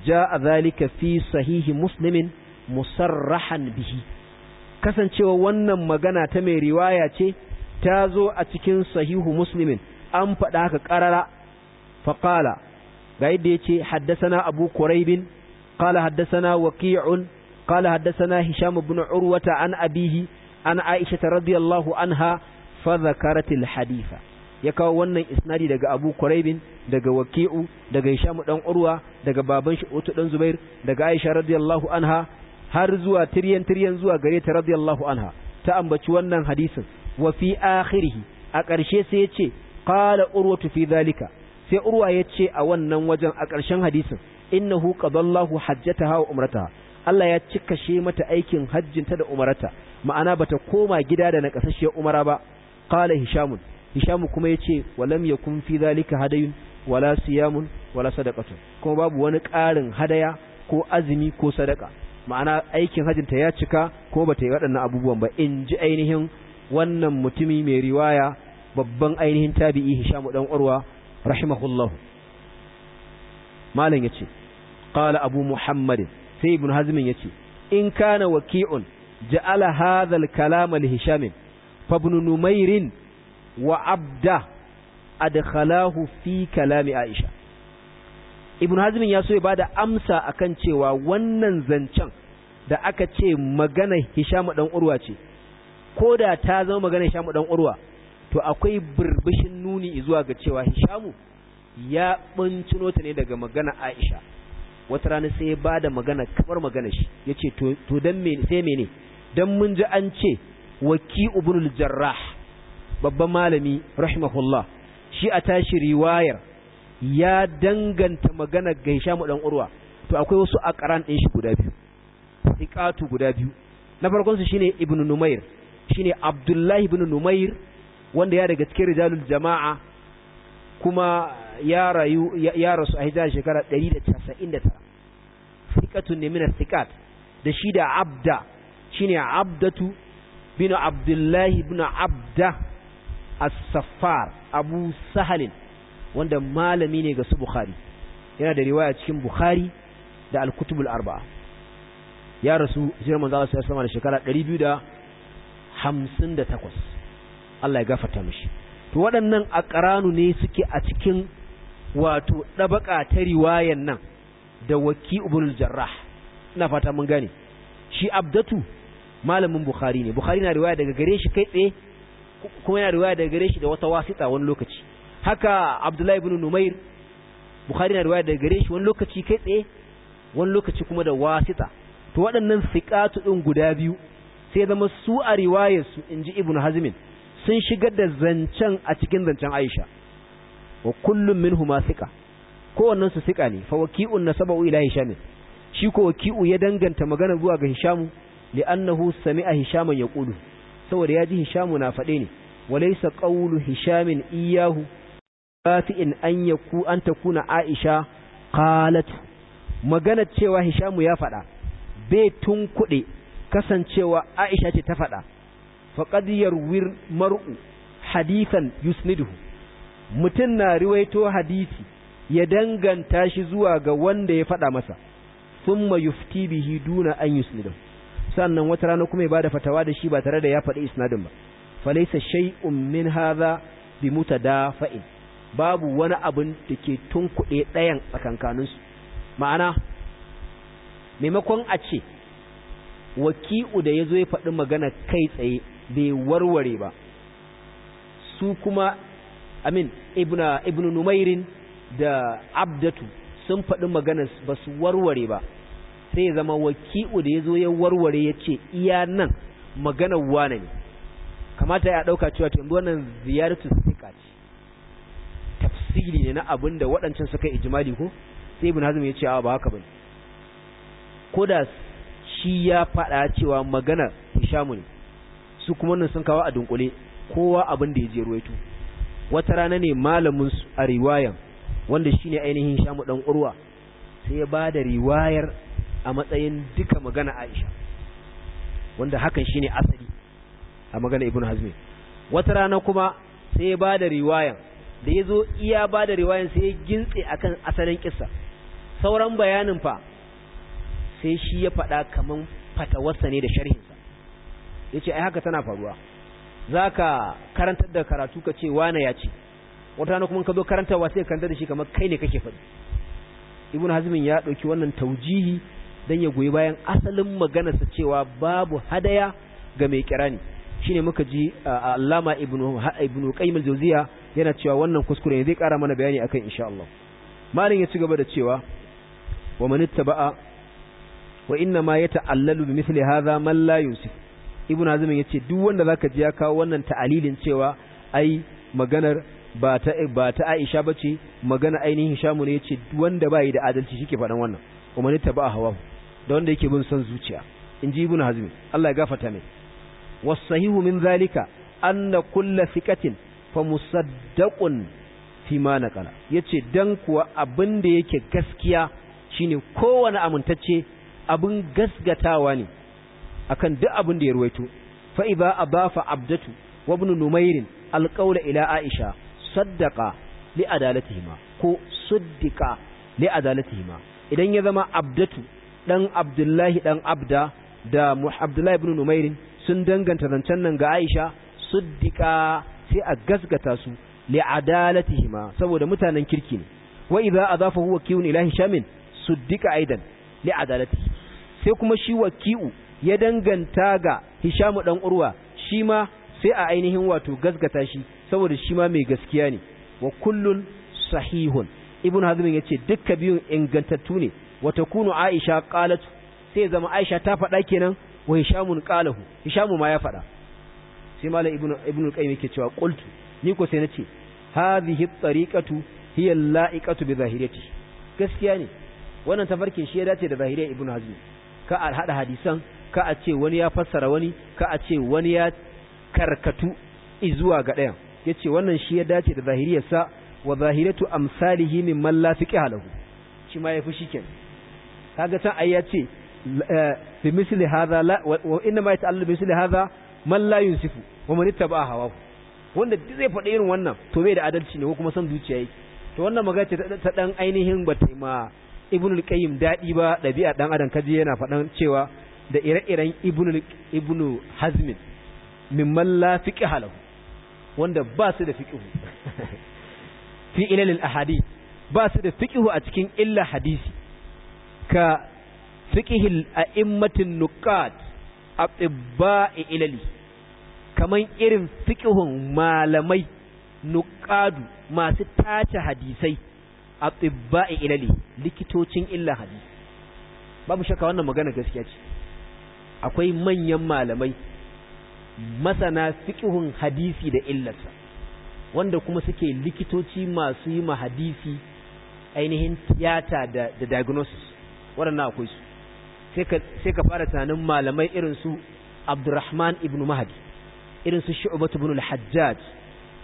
ja'a zalika fi sahihi muslimin musarrahan bihi kasancewa wannan magana ta mai riwaya ce ta zo a cikin sahihu muslimin an faɗa haka ƙarara faƙala ga yadda ya ce na abu kuraibin قال حدثنا وكيع قال حدثنا هشام بن عروة عن أبيه عن عائشة رضي الله عنها فذكرت الحديث ya kawo wannan isnadi daga Abu Quraibin daga Waki'u daga Hisham dan Urwa daga baban shi Utu dan Zubair daga Aisha radiyallahu anha har zuwa tiryan tiryan zuwa gare ta radiyallahu anha ta ambaci wannan hadisin wa fi akhirih a ƙarshe sai ce qala urwatu fi zalika sai urwa ya ce a wannan wajen a ƙarshen hadisin innahu qadallahu hajjataha wa umrataha Allah ya cika she mata aikin hajjinta da umarata ma'ana bata koma gida da na nakasasshiyar umara ba qala Hishamun. hisham kuma ya yace walam yakun fi zalika hadayun wala siyamun wala sadaqatu kuma babu wani ƙarin hadaya ko azumi ko sadaka ma'ana aikin hajjinta ya cika ko bata yi waɗannan abubuwan ba in ji ainihin wannan mutumi mai riwaya babban ainihin tabi'i Hishamu dan urwa rahimahullah malam yace qala abu muhammad sai ibn hazm yace in kana waqi'un ja'ala hadha al-kalam li-hisham fa ibn numayr wa abda adkhalahu fi kalami aisha ibn hazm ya so ya da amsa akan cewa wannan zancen da aka ce magana hisham dan urwa ce koda ta zama magana hisham dan urwa to akwai burbushin nuni zuwa ga cewa Hishamu ya bincino ta ne daga magana Aisha wata rana sai ya bada magana kamar magana shi yace to to dan me sai me ne dan mun ji an ce waki ibn jarrah babban malami rahimahullah shi a tashi riwayar ya danganta magana ga Hishamu dan Urwa to akwai wasu akaran din shi guda biyu thiqatu guda biyu na farkon su shine ibn Numair shine Abdullahi ibn Numair wanda ya daga cikin rijalul jama'a kuma ya rayu ya rasu a hijira shekara 199 thiqatun ne min thiqat da shi da abda shine abdatu bin abdullah ibn abda as-saffar abu sahal wanda malami ne ga su bukhari yana da riwaya cikin bukhari da al-kutubul arba'a ya rasu jira manzo Allah sallallahu alaihi wasallam da shekara 258 Allah ya gafarta mishi to waɗannan aqranu ne suke a cikin wato dabaka ta riwayan nan da waki ibn al-jarrah ina fata mun gane shi abdatu malamin bukhari ne bukhari na riwaya daga gare shi kai tsaye kuma yana riwaya daga gare shi da wata wasita wani lokaci haka abdullahi ibn numair bukhari na riwaya daga gare shi wani lokaci kai tsaye wani lokaci kuma da wasita to waɗannan siqatu din guda biyu sai zama su a riwayar su inji ibn hazmin sun shigar da zancen a cikin zancen Aisha wa kullum minhuma Ko wannan su siƙa ne fa na nasabu ila hisham shi ko waki'u ya danganta magana zuwa ga hisham li'annahu sami'a hisham yaqulu saboda ya ji Hishamu na faɗe ne walaysa qawlu Hishamin iyahu kafi'in an yaku an takuna aisha qalat magana cewa hisham ya faɗa. bai tun kuɗe kasancewa aisha ce ta faɗa. faqad yarwir mar'u hadithan yusniduhu mutum na riwaito hadisi ya danganta shi zuwa ga wanda ya faɗa masa thumma yufti bihi duna an yusnidu sannan wata rana kuma ya bada fatawa da shi ba tare da ya faɗi isnadin ba laysa shay'un min hadha mutadafa'in babu wani abin da ke tunkuɗe ɗayan tsakankaninsu ma'ana maimakon a ce waki'u da ya zo ya faɗi magana kai tsaye bai warware ba su kuma amin ibn numairin da abdatu sun faɗi maganar ba su warware ba sai ya zama waki'u da ya zo ya warware ya ce iya nan maganar wane ne kamata ya ɗauka cewa tundu wannan ziyartu sika ce tafsiri ne na abinda da waɗancan suka ijimali ko sai ibn hazm ya ce ba haka bane ko da shi ya faɗa cewa maganar hishamu ne su kuma nan sun kawo a dunkule kowa abin da ya je ruwaito wata rana ne malamin su a riwayan wanda shine ainihin shamu dan urwa sai ya ba da riwayar a matsayin duka magana Aisha wanda hakan shine asali a magana Ibn Hazm wata rana kuma sai ya ba da riwayan da yazo iya ba da riwayan sai ya gintse akan asalin kissa sauran bayanin fa sai shi ya faɗa kaman fatawarsa ne da sharhinsa ya ce ai haka tana faruwa za ka karantar da karatu ka ce wane ya ce wata hannu kuma ka zo karantawa sai karantar da shi kamar kai ne kake faɗi Ibn hazmin ya ɗauki wannan taujihi don ya goyi bayan asalin maganarsa cewa babu hadaya ga mai kirani shine muka ji Allama ibnu ibnu Qayyim al yana cewa wannan kuskure ne zai ƙara mana bayani akan insha Allah malin ya ci gaba da cewa wa man ittaba'a wa inna ma yata'allalu bi mithli hadha man la ibn azim ya ce duk wanda ka ji ya kawo wannan ta'alilin cewa ai maganar ba ta ba ta aisha bace magana ainihin hishamu ne yace wanda bai da adalci shike faɗan wannan kuma ne taba hawa da wanda yake bin son zuciya in ji ibn hazm Allah ya gafarta mai wasahihu min zalika anna kullu thiqatin fa musaddaqun fi ma naqala yace dan kuwa abinda da yake gaskiya shine kowane amintacce abin gasgatawa ne akan duk abin da ya ruwaito fa idza abafa abdatu wa ibn numayr alqawla ila aisha saddaqa li adalatihima ko suddika li adalatihima idan ya zama abdatu dan abdullahi dan abda da abdullahi ibn numayr sun danganta zancen nan ga aisha suddika sai a gasgata su li adalatihima saboda mutanen kirki ne wa idza huwa wakiyun ilahi shamin suddika aidan li adalatihi sai kuma shi waki'u ya danganta ga Hishamu dan Urwa shi ma sai a ainihin wato gasgata shi saboda shi ma mai gaskiya ne wa kullun sahihun ibn ya yace dukka biyun ingantattu ne wa kunu aisha qalat sai zama aisha ta faɗa kenan wa hishamun qalahu hishamu ma ya faɗa sai malam ibn ibn qayyim yake cewa qultu ni ko sai nace hadhihi at-tariqatu hiya al-la'iqatu bi zahiriyati gaskiya ne wannan tafarkin shi ya dace da zahiriyar ibn Hazm ka al hada hadisan ka a ce wani ya fassara wani ka a ce wani ya karkatu zuwa ga ɗayan ce wannan shi ya dace da zahiriyarsa wa zahiratu amsalihi min man fi fiqha lahu shi ma yafi shiken kaga san ai yace eh, bi misli hadha la wa inna ma yata'allu bi misli hadha man la yunsifu wa man hawa ku wanda duk zai faɗi irin wannan to bai da adalci ne ko kuma san zuciya yake to wannan magana ta dan ainihin bata ma ibnul qayyim dadi ba dabi'a dan adam kaje yana faɗan cewa da ire-iren ibnu hazmin min la fiƙi halahu, wanda ba su da hu fi a ahadith ba su da fiƙi a cikin illa hadisi ka a immatin a'immatin nuqat atibba'i ilali Kamar irin fiqhun malamai nuqadu masu tace hadisai atibba'i ilali likitocin illa hadisi babu shakka wannan magana gaskiya ce akwai manyan malamai masana fiƙihun hadisi da illarsa wanda kuma suke likitoci masu yi ma hadisi ainihin tiyata da, da diagnosis waɗannan akwai su sai ka fara tunanin malamai irin su abdurrahman ibn Mahdi irin su shu'bat ibn al-hajjaj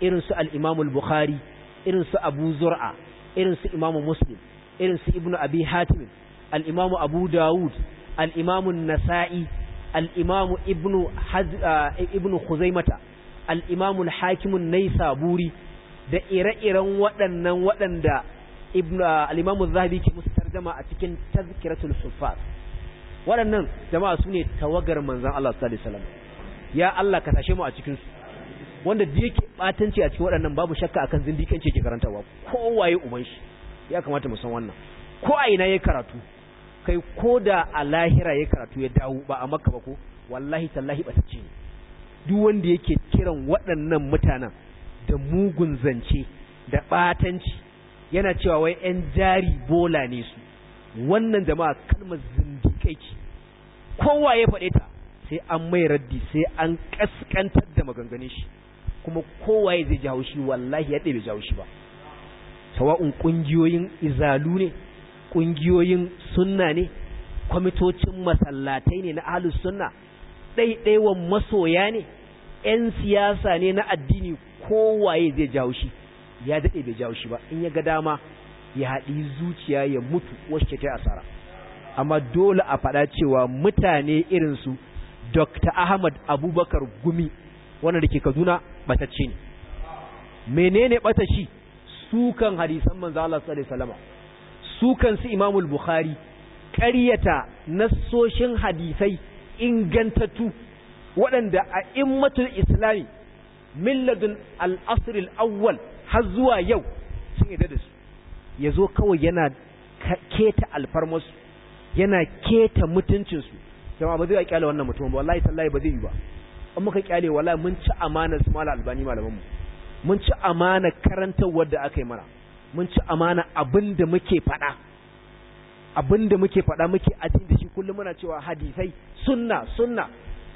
irin su al-imam al-bukhari irin su abu zur'a irin su imam muslim irin su ibn abi hatim al-imam abu dawud al-imam an-nasa'i al-imam ibnu ibnu khuzaimata al-imam al-hakim an da ire-iren waɗannan waɗanda al zahabi ke musu tarjuma a cikin tazkiratul sufar waɗannan jama'a sune tawagar manzon Allah sallallahu ya Allah kasashe mu a cikin wanda da yake batanci a cikin waɗannan babu shakka akan zindikanci yake karantawa kowaye uban shi ya kamata mu san wannan ko a ina yayi karatu kai ko da a lahira ya karatu ya dawo ba a makka ba ko wallahi tallahi batacce ne duk wanda yake kiran waɗannan mutanen da mugun zance da ɓatanci yana cewa wai yan jari bola ne su wannan jama'a kalmar zindikai ce kowa ya faɗe ta sai an mai raddi sai an ƙasƙantar da maganganun shi kuma kowa ya zai jawo shi wallahi ya ɗaya bai jawo shi ba sawa'un ƙungiyoyin izalu ne ƙungiyoyin sunna ne kwamitocin masallatai ne na ahlus sunna ɗaiɗaiwan masoya ne ‘yan siyasa ne na addini kowaye zai jawo shi ya daɗe bai jawo shi ba in ya ga dama ya haɗi zuciya ya mutu wacce ta asara amma dole a faɗa cewa mutane irinsu dr ahmad abubakar gumi wanda da ke kaduna ɓatacce ne menene batashi sukan hadisan manzo Allah sallallahu alaihi su kansu imamul bukhari ƙaryata nassoshin hadisai ingantattu waɗanda a immatul islami milladun al'asirin awwal har zuwa yau sun yi da su ya zo kawai yana keta alfarmarsu. yana keta mutuncinsu jama'a ba zai yi kyale wannan mutum ba wallahi tallahi ba zai yi ba an muka kyale wallahi mun ci amanar su mala albani malamanmu mun ci amanar karantar wadda aka yi mana mun ci amana abin da muke faɗa abin da muke faɗa muke ajin da shi kullum muna cewa hadisai sunna sunna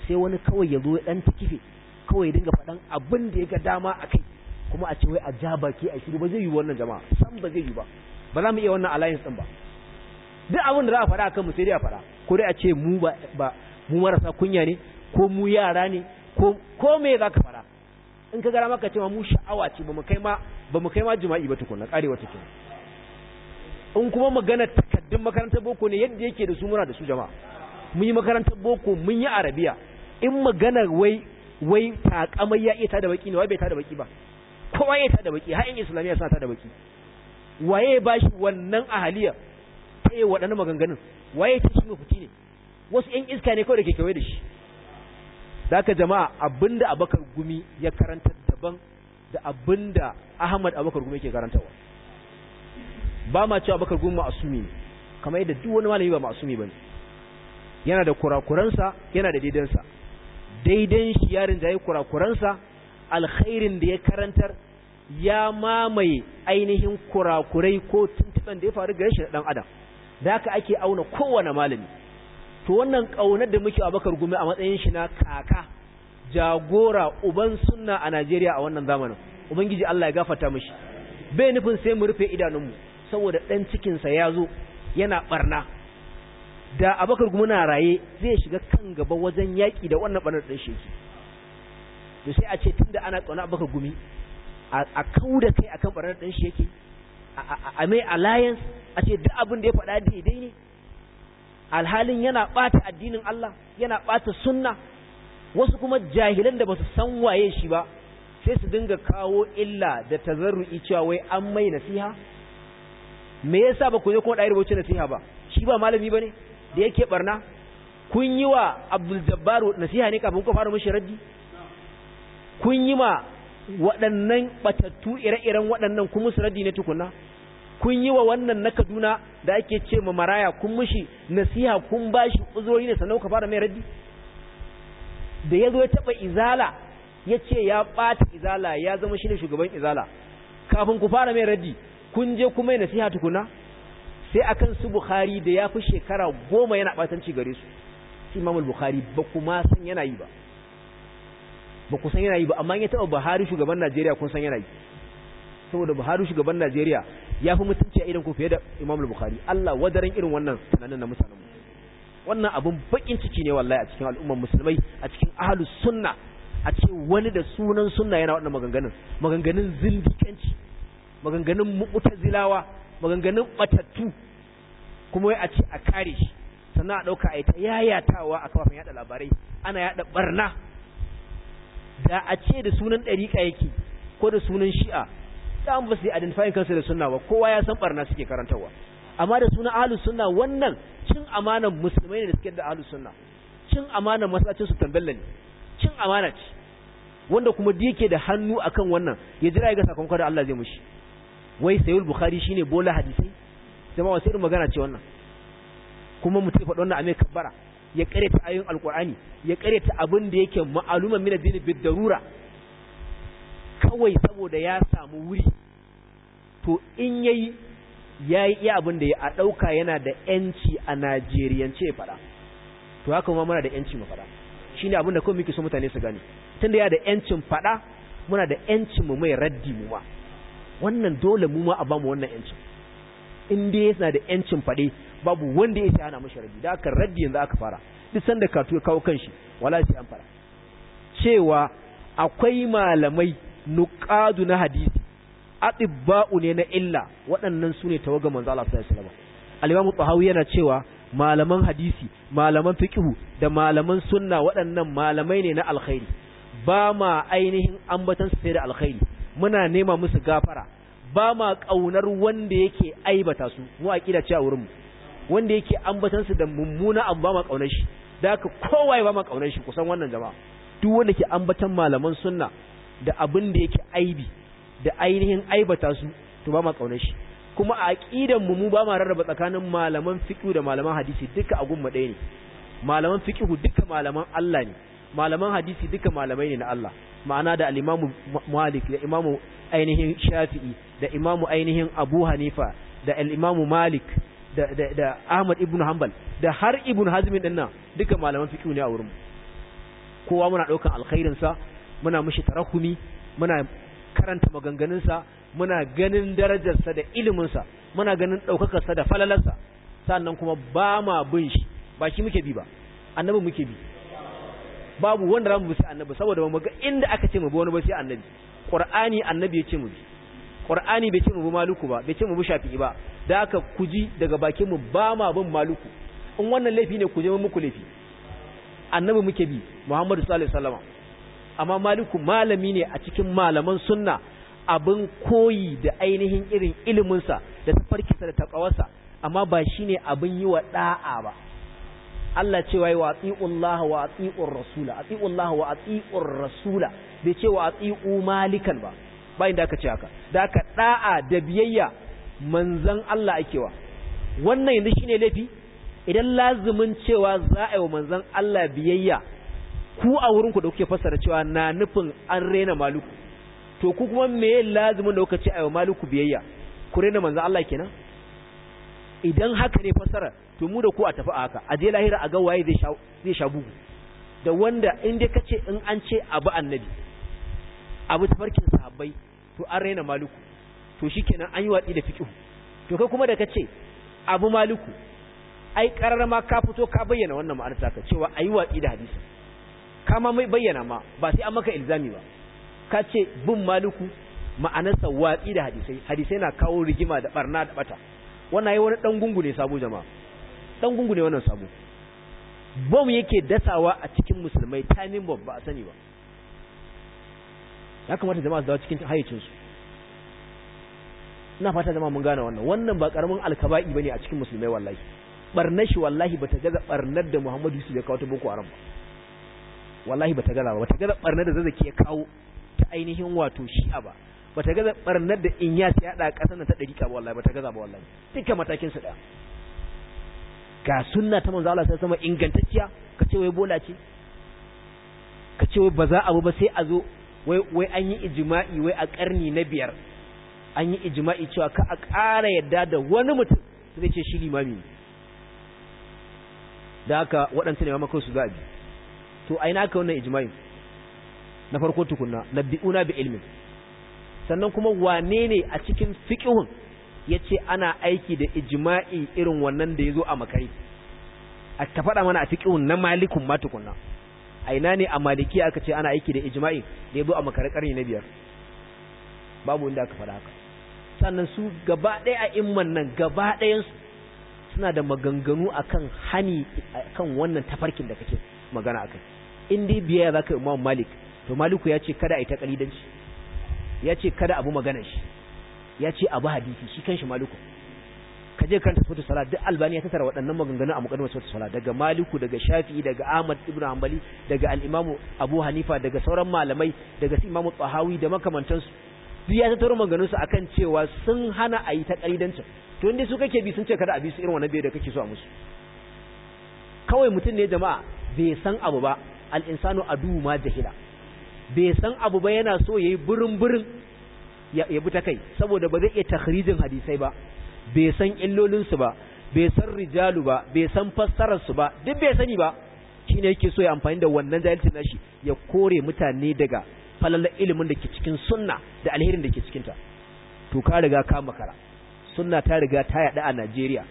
sai wani kawai ya zo ya ɗan kife kawai ya dinga faɗan abin da ya ga dama a kai kuma a ce wai a ja baki a shiru ba zai yi wannan jama'a san ba zai yi ba ba za mu iya wannan alliance din ba duk abin da za a faɗa akan mu sai dai a faɗa ko dai a ce mu ba mu marasa kunya ne ko mu yara ne ko me za ka faɗa in ka gara maka cewa mu sha'awa ce ba mu kai ma ba mu kai ma jima'i ba tukunna karewa take in kuma magana takaddun makarantar boko ne yadda yake da su muna da su jama'a mun yi makarantar boko mun yi arabiya in magana wai wai takamai ya iya tada baki ne wai bai tada baki ba kowa ya tada baki har in islamiyya suna tada baki waye ba shi wannan ahaliya ta yi waɗannan maganganun waye ta shi mafuti ne wasu ‘yan iska ne kawai da ke kewaye da shi da jama'a abinda abakar gumi ya karanta daban da abinda Ahmad Abubakar Gumi yake karantawa ba ma cewa Abubakar Gumi ma'asumi ne kamar yadda duk wani malami ba ma'asumi bane yana da kurakuransa yana da daidansa daidan shi yarin da kurakuran kurakuransa alkhairin da ya karantar ya mamaye ainihin kurakurai ko tuntuban da ya faru gare shi da dan adam da haka ake auna kowane malami to wannan kaunar da muke Abubakar Gumi a matsayin shi na kaka jagora uban sunna a Najeriya a wannan zamanin ubangiji Allah ya gafarta mishi bai nufin sai mu rufe idanunmu saboda dan cikin sa yazo yana barna da Abakar muna raye zai shiga kan gaba wajen yaki da wannan barnar din sheki to sai a ce tunda ana tsona Abakar gumi a kauda kai akan barnar din sheki a mai alliance a ce duk abin da ya faɗa daidai ne alhalin yana ɓata addinin Allah yana ɓata sunna wasu kuma jahilan da ba su san waye shi ba sai su dinga kawo illa da tazarru'i cewa wai an mai nasiha me yasa ba ku je kuma ɗaya rubuce nasiha ba shi ba malami bane da yake barna kun yi wa Abdul Jabbar nasiha ne kafin ku fara mashi raddi kun yi ma waɗannan batattu ire-iren waɗannan kun musu raddi ne tukunna kun yi wa wannan na Kaduna da ake ce ma maraya kun mushi nasiha kun bashi uzurori ne sannan ka fara mai raddi da ya zo ya taɓa izala ya ce ya ɓata izala ya zama shi ne shugaban izala kafin ku fara mai raddi kun je kuma yana siya tukuna sai a kan su bukhari da ya fi shekara goma yana ɓatanci gare su imamul bukhari ba ku ma san yana yi ba ba ku san yana yi ba amma ya taɓa buhari shugaban najeriya kun san yana yi saboda buhari shugaban najeriya ya fi mutunci a idan ku fiye da imamul bukhari allah wadaran irin wannan tunanin na mutanen mu wannan abun bakin ciki ne wallahi a cikin al'ummar musulmai a cikin ahlus sunna a ce wani da sunan sunna yana wannan maganganun maganganun zindikanci maganganun mu'tazilawa maganganun batattu kuma wai a ce a kare shi sannan a dauka a yi ta yayatawa a kafafen yada labarai ana yada barna da a ce da sunan dariƙa yake ko da sunan shi'a da an ba su identifying kansu da sunna ba kowa ya san barna suke karantarwa amma da sunan ahlus sunna wannan cin amanan musulmai ne da suke da ahlus sunna cin amanan masallacin su tamballa ne cin amana ce wanda kuma da yake da hannu akan wannan ya jira ga sakamakon da Allah zai mushi wai sayyid bukhari shine bola hadisi jama'a wasu irin magana ce wannan kuma mutum faɗi wannan amai mai kabbara ya karyata ayoyin alkur'ani ya karyata abin da yake ma'aluman min ad-din bi darura kawai saboda ya samu wuri to in yayi ya yi iya abin da ya a ɗauka yana da ‘yanci a Najeriyance ya faɗa, to haka kuma muna da ‘yanci mu faɗa, shi ne abin da kuma muke so mutane su gani, tun da ya da ‘yancin faɗa muna da ‘yancin mu mai raddi mu ma, wannan dole mu ma a bamu wannan ‘yancin, in dai yana da ‘yancin faɗe babu wanda ya hana mashi raddi, da aka raddi yanzu aka fara, duk sanda katu ya kawo kanshi, wala sai an fara. Cewa akwai malamai nuƙadu na hadisi atibba'u ne na illa waɗannan su ne tawaga manzo Allah sallallahu alaihi wasallam al tahawi yana cewa malaman hadisi malaman fiqhu da malaman sunna waɗannan malamai ne na alkhairi ba ma ainihin ambatan su da alkhairi muna nema musu gafara ba ma kaunar wanda yake aibata su mu aqida cewa a wurin mu wanda yake ambatan su da mummuna an ba ma kaunar shi da haka kowai ba ma kaunar shi kusan wannan jama'a duk wanda ke ambatan malaman sunna da abin da yake aibi da ainihin aibata su to ba ma kaunar shi kuma a aqidan mu mu ba ma rarraba tsakanin malaman fiqh da malaman hadisi duka a gumma ɗaya ne malaman fiqh duka malaman Allah ne malaman hadisi duka malamai ne na Allah ma'ana da al-Imam Malik da Imam ainihin Shafi'i da Imam ainihin Abu Hanifa da al-Imam Malik da da da Ahmad ibn Hanbal da har ibn Hazm din nan duka malaman fiqh ne a wurin kowa muna daukan alkhairin sa muna mishi tarahumi muna karanta maganganunsa muna ganin darajarsa da iliminsa muna ganin ɗaukakarsa da falalarsa sannan kuma ba ma bin shi ba shi muke bi ba annabi muke bi babu wanda za mu bi annabi saboda ba mu ga inda aka ce mu bi wani ba sai annabi qur'ani annabi ya ce mu bi qur'ani bai ce mu bi maluku ba bai ce mu bi shafi'i ba da aka kuji daga bakin mu ba ma bin maluku in wannan laifi ne ku je muku laifi annabi muke bi muhammadu sallallahu alaihi wasallam amma maliku malami ne a cikin malaman sunna abin koyi da ainihin irin iliminsa da tafarkisa da taƙawarsa amma ba shi ne abin yi wa ɗa'a ba Allah ce wa atiullaha wa atiur rasula laha wa atiur rasula bai ce wa malikan ba bayan da aka ce haka da aka ɗa'a da biyayya manzan Allah ake wa wannan yanzu shi ne laifi idan lazumin cewa za a yi wa manzan Allah biyayya ku a wurin ku da kuke fassara cewa na nufin an rena maluku to ku kuma me lazimin da kuka ce ayo maluku biyayya ku rena manzo Allah kenan idan haka ne fassara to mu da ku a tafi a haka a je lahira a ga waye zai sha zai sha bugu da wanda in dai kace in an ce abu annabi abu tafarkin sahabbai to an rena maluku to shikenan an yi watsi da fiqh to kai kuma da kace abu maluku ai karar ma ka fito ka bayyana wannan ma'anar ta cewa ayi wadi da hadisi kama mai bayyana ma ba sai an maka ilzami ba ka ce bin maluku ma'anarsa watsi da hadisai hadisai na kawo rigima da barna da bata wannan yi wani ɗangungu ne sabo jama'a ɗangungu ne wannan sabo bom yake dasawa a cikin musulmai timing bomb ba a sani ba ya kamata jama'a su dawo cikin hayyacinsu ina fata jama'a mun gane wannan wannan ba karamin alkaba'i bane a cikin musulmai wallahi barnar shi wallahi ta gaza barnar da Muhammadu Yusuf ya kawo ta Boko Haram ba wallahi bata gaza ba bata gaza barnar da zazzaki ya kawo ta ainihin wato shi'a ba bata gaza barnar da in ya yada kasar nan ta dariƙa ba wallahi bata gaza ba wallahi duka matakin su da ga sunna ta manzo Allah sai sama ingantacciya ka ce wai bola ce ka ce wai ba za abu ba sai a zo wai wai an yi ijma'i wai a karni na biyar an yi ijma'i cewa ka a ƙara yadda da wani mutum zai ce shi limami da haka waɗansu ne mamakon su za a biyu to a ina aka wannan ijma'in na farko tukunna nabbi'una bi ilmin sannan kuma wane ne a cikin fiqhun yace ana aiki da ijma'i irin wannan da yazo a makari a ta faɗa mana a fiqhun na malikun ma tukunna a ina ne a maliki aka ce ana aiki da ijma'i da yazo a makari karni na biyar babu inda aka faɗa haka sannan su gaba ɗaya a imman nan gaba ɗayansu suna da maganganu akan hani akan wannan tafarkin da kake magana akai in dai biyayya zaka yi Imam Malik to Maliku ya ce kada a yi ta kalidanci ya ce kada abu magana shi ya ce abu hadisi shi kanshi Maliku ka je kan tasfatu salat duk albani ta tara waɗannan maganganu a mukaddimar tasfatu salat daga maliku daga shafi'i daga ahmad ibn hanbali daga al imam abu hanifa daga sauran malamai daga Imam tahawi da makamantan su ta tara tattara su akan cewa sun hana ayi ta kaidancin to inda su kake bi sun ce kada a bi su irin wannan bai da kake so a musu kawai mutum ne jama'a bai san abu ba al'insanu adu ma jahila bai san abu ba yana so ya yi burin-burin ya bi ta kai saboda ba zai iya takhrijin hadisai ba bai san illolinsu ba bai san rijalu ba bai san fassararsu ba duk bai sani ba shi ne yake so ya amfani da wannan jahilcin nashi ya kore mutane daga falalar ilimin da ke cikin sunna da alherin da ke cikin ta. to ka riga ka makara sunna ta riga ta yada a najeriya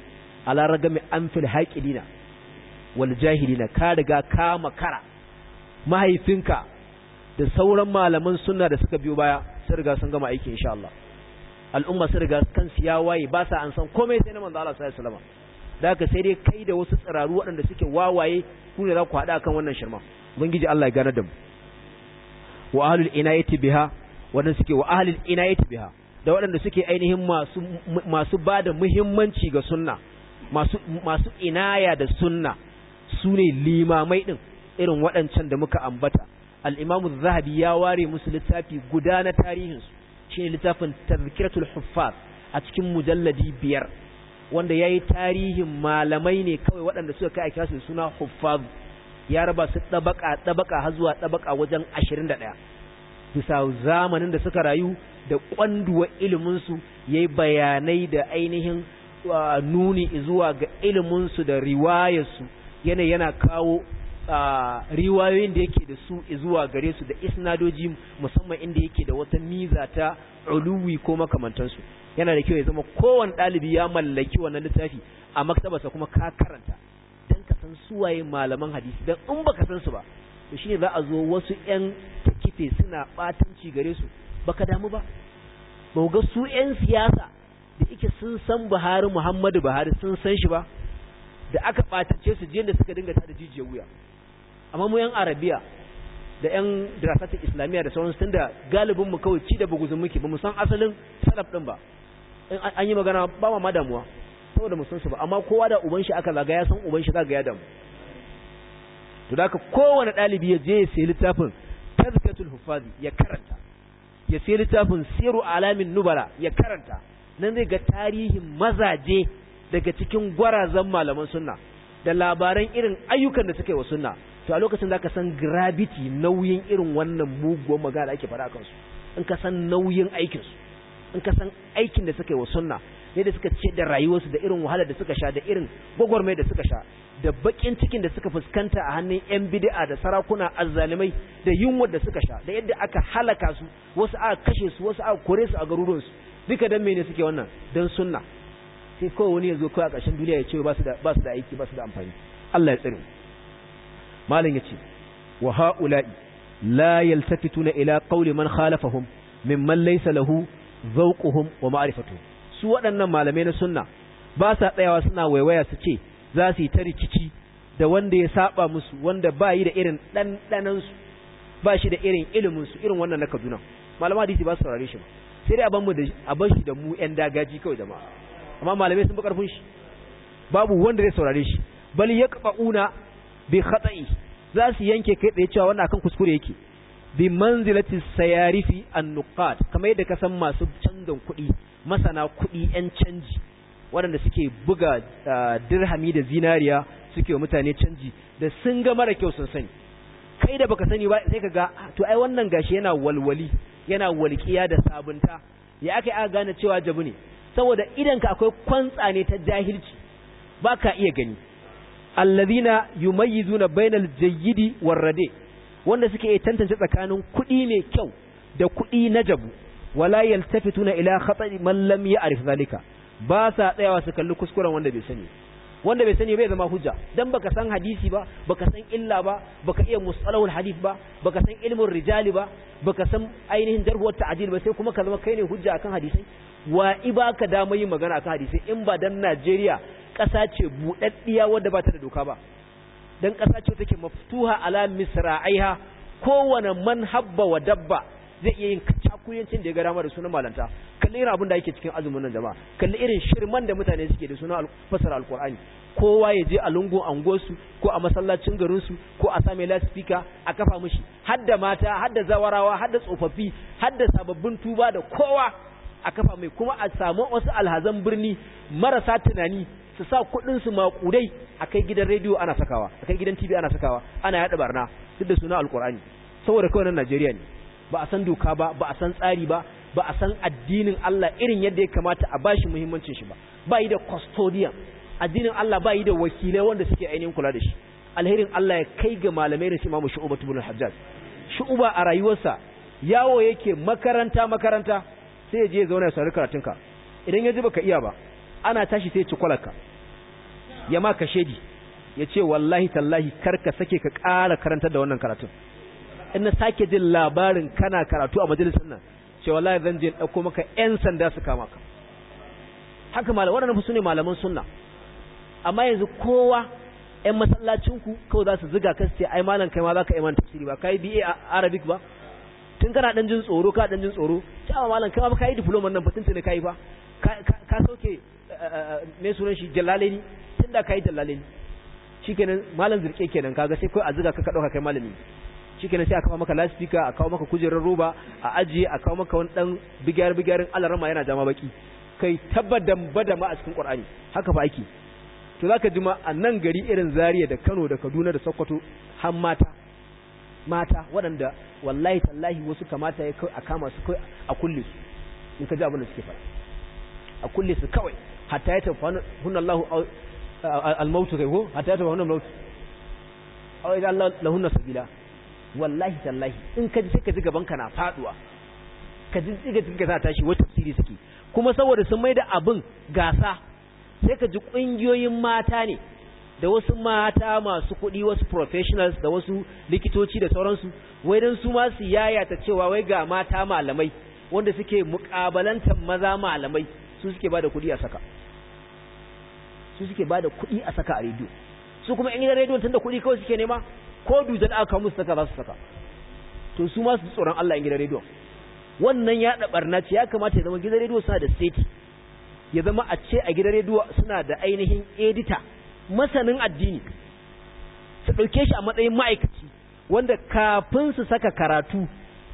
ala ragami an fil haƙilina wal jahilina ka riga ka makara mahaifinka da sauran malaman sunna da suka biyo baya sun riga sun gama aiki insha Allah al'umma sun riga kan siya waye ba sa an san komai sai na manzo Allah sallallahu alaihi da haka sai dai kai da wasu tsiraru waɗanda suke wawaye ku ne za ku hada akan wannan shirma ubangiji Allah ya gane da mu wa ahlul inayati biha wannan suke wa ahlul inayati biha da waɗanda suke ainihin masu masu bada muhimmanci ga sunna masu masu inaya da sunna su ne limamai din irin waɗancan da muka ambata al zahabi ya ware musu littafi guda na tarihinsu shi shine littafin Tazkiratul Huffaz a cikin mujalladi biyar wanda ya yi tarihin malamai ne kawai waɗanda suka kai a kira suna Huffaz ya raba su ɗabaƙa ɗabaƙa har zuwa ɗabaƙa wajen ashirin da ɗaya bisa zamanin da suka rayu da ƙwanduwa iliminsu ya yi bayanai da ainihin uh, nuni zuwa ga iliminsu da riwayarsu yana yana kawo riwayoyin da yake da su zuwa gare su da isnadoji musamman inda yake da wata miza ta uluwi ko makamantansu yana da kyau ya zama kowane ɗalibi ya mallaki wannan littafi a maktabarsa kuma ka karanta don ka san suwaye malaman hadisi dan in baka san su ba to shine za a zo wasu ƴan takife suna batanci gare su baka damu ba ba ga su ƴan siyasa da yake sun san Buhari Muhammadu Buhari sun san shi ba da aka ɓatace su jiyan da suka dinga tada jijiyar wuya amma mu yan arabiya da yan dirasatin islamiyya da sauransu tunda galibin mu kawai ci da buguzun muke ba mu san asalin salaf din ba in an yi magana ba ma damuwa saboda mu san su ba amma kowa da uban shi aka zaga ya san uban shi zaga ya damu to da ka kowane dalibi ya je ya sayi littafin tazkatul hufazi ya karanta ya sayi littafin siru alamin nubala ya karanta nan zai ga tarihin mazaje daga cikin gwarazan malaman sunna da labaran irin ayyukan da suka yi wa sunna to a lokacin zaka san gravity nauyin irin wannan muguwar magana ake fara kansu in ka san nauyin aikin su in ka san aikin da suka yi wa sunna da suka ce da rayuwar rayuwarsu da irin wahala da suka sha da irin gwagwarmai da suka sha da bakin cikin da suka fuskanta a hannun yan bid'a da sarakuna azzalimai da yunwar da suka sha da yadda aka halaka su wasu aka kashe su wasu aka kore su a garuruwan su duka dan mene suke wannan dan sunna sai kawai wani ya zo kawai a ƙarshen duniya ya ce ba su da aiki ba su da amfani Allah ya tsare malam yace wa haula'i la yaltafituna ila qawli man khalafahum mimman laysa lahu zawquhum wa ma'rifatuhum su waɗannan malamai na sunna ba sa tsayawa suna waiwaya su ce za su yi ta rikici da wanda ya saba musu wanda ba yi da irin ɗanɗanan su ba shi da irin ilimin su irin wannan na Kaduna malama hadisi ba su saurare shi ba sai dai a mu da a ban shi da mu ƴan dagaji kawai jama'a amma malamai sun bi karfin shi babu wanda zai saurare shi bal yaqbauna bi khata'i za su yanke kai tsaye cewa wannan akan kuskure yake bi manzilati sayarifi an-nuqat kamar yadda ka san masu canjin kuɗi masana kuɗi yan canji waɗanda suke buga dirhami da zinariya suke wa mutane canji da sun ga mara kyau sun sani kai da baka sani ba sai ka ga ah, to ai wannan gashi yana walwali yana walƙiya da sabunta ya aka aka gane cewa jabu ne saboda idan ka akwai kwantsa ne ta jahilci baka iya gani alladhina yumayyizuna bainal jayyidi warrade wanda suke tantance tsakanin kuɗi mai kyau da kuɗi na jabu wala yaltafituna ila khatari man lam ya'rif zalika ba sa tsayawa su kalli kuskuren wanda bai sani wanda bai sani bai zama hujja dan baka san hadisi ba baka san illa ba baka iya mustalahul hadith ba baka san ilmin rijali ba baka san ainihin jarhuwar ta'dil ba sai kuma ka zama kai ne hujja akan hadisi wa ibaka dama yin magana akan hadisi in ba dan Najeriya ƙasa ce buɗaɗɗiya wadda ba ta da doka ba don ƙasa ce ke maftuha ala aiha kowane man habba wa dabba zai iya yin cakuyancin da ya gara da sunan malanta kalli irin abin da ake cikin azumin nan jama kalli irin shirman da mutane suke da sunan fasara alkur'ani kowa ya je a lungun angosu ko a masallacin garinsu ko a same lasifika a kafa mishi hadda mata hadda zawarawa hadda tsofaffi hadda sababbin tuba da kowa a kafa mai kuma a samu wasu alhazan birni marasa tunani su sa kuɗin su maƙudai a kai gidan rediyo ana sakawa a kai gidan tv ana sakawa ana yaɗa barna duk da suna alƙur'ani saboda kawai nan najeriya ne ba a san doka ba ba a san tsari ba ba a san addinin Allah irin yadda ya kamata a bashi muhimmancin shi ba ba yi da custodian addinin Allah ba yi da wakilai wanda suke ainihin kula da shi alherin Allah ya kai ga malamai da Imam Shu'ba bin Hajjaj Shu'ba a rayuwarsa yawo yake makaranta makaranta sai ya je ya zauna ya saurari karatunka idan ya ji baka iya ba ana tashi sai ya ci kwalarka ya ma kashe di. ya ce wallahi tallahi karka sake ka ƙara karantar da wannan karatun in na sake jin labarin kana karatu a majalisar nan ce wallahi zan je ɗauko maka ƴan sanda su kama ka haka malamai waɗannan su ne malaman sunna amma yanzu kowa ƴan masallacinku kawai za su ziga ka su ce ai malam kai ma za ka iman tafsiri ba ka kai BA Arabic ba tun kana dan jin tsoro ka dan jin tsoro cewa malam kai ba kai diploma nan fatin tun kai ba ka sauke eh, eh, eh, me sunan shi jallaleni tun da kai jallaleni shikenan malam zirke kenan kaga sai kai a ka ka dauka kai malami shikenan sai aka kawo maka lasfika a kawo maka kujerar roba a ajiye a kawo maka wani dan bigiyar bigiyarin alarama yana jama baki kai tabbadan badama a cikin qur'ani haka fa ake to zaka ji ma a nan gari irin Zariya da Kano da Kaduna da Sokoto har mata mata waɗanda wallahi tallahi wasu kamata ya kai a kama su kai a kulle su in ka ji abin da suke fara a kulle su kawai hatta ya tafi hunan al-mautu kai ko hatta ya tafi hunan al-mautu a wajen Allah hunan sabila wallahi tallahi in ka ji sai ka ji gaban ka na faduwa ka ji tsiga tsiga za ta tashi wata tafsiri suke kuma saboda sun maida abin gasa sai ka ji kungiyoyin mata ne da wasu mata masu kuɗi wasu professionals da wasu likitoci da sauransu wai don su ma su ta cewa wai ga mata malamai wanda suke muƙabalantar maza malamai su suke ba da kuɗi a saka su suke ba da kuɗi a saka a rediyo su kuma yan gidan tun da kuɗi kawai suke nema ko dujal aka musu saka za su saka to su ma su tsoron Allah yan gidan rediyo. wannan ya da barna ce ya kamata ya zama gidan rediyo suna da seti ya zama a ce a gidan rediyo suna da ainihin edita masanin addini su ɗauke shi a matsayin ma'aikaci wanda kafin su saka karatu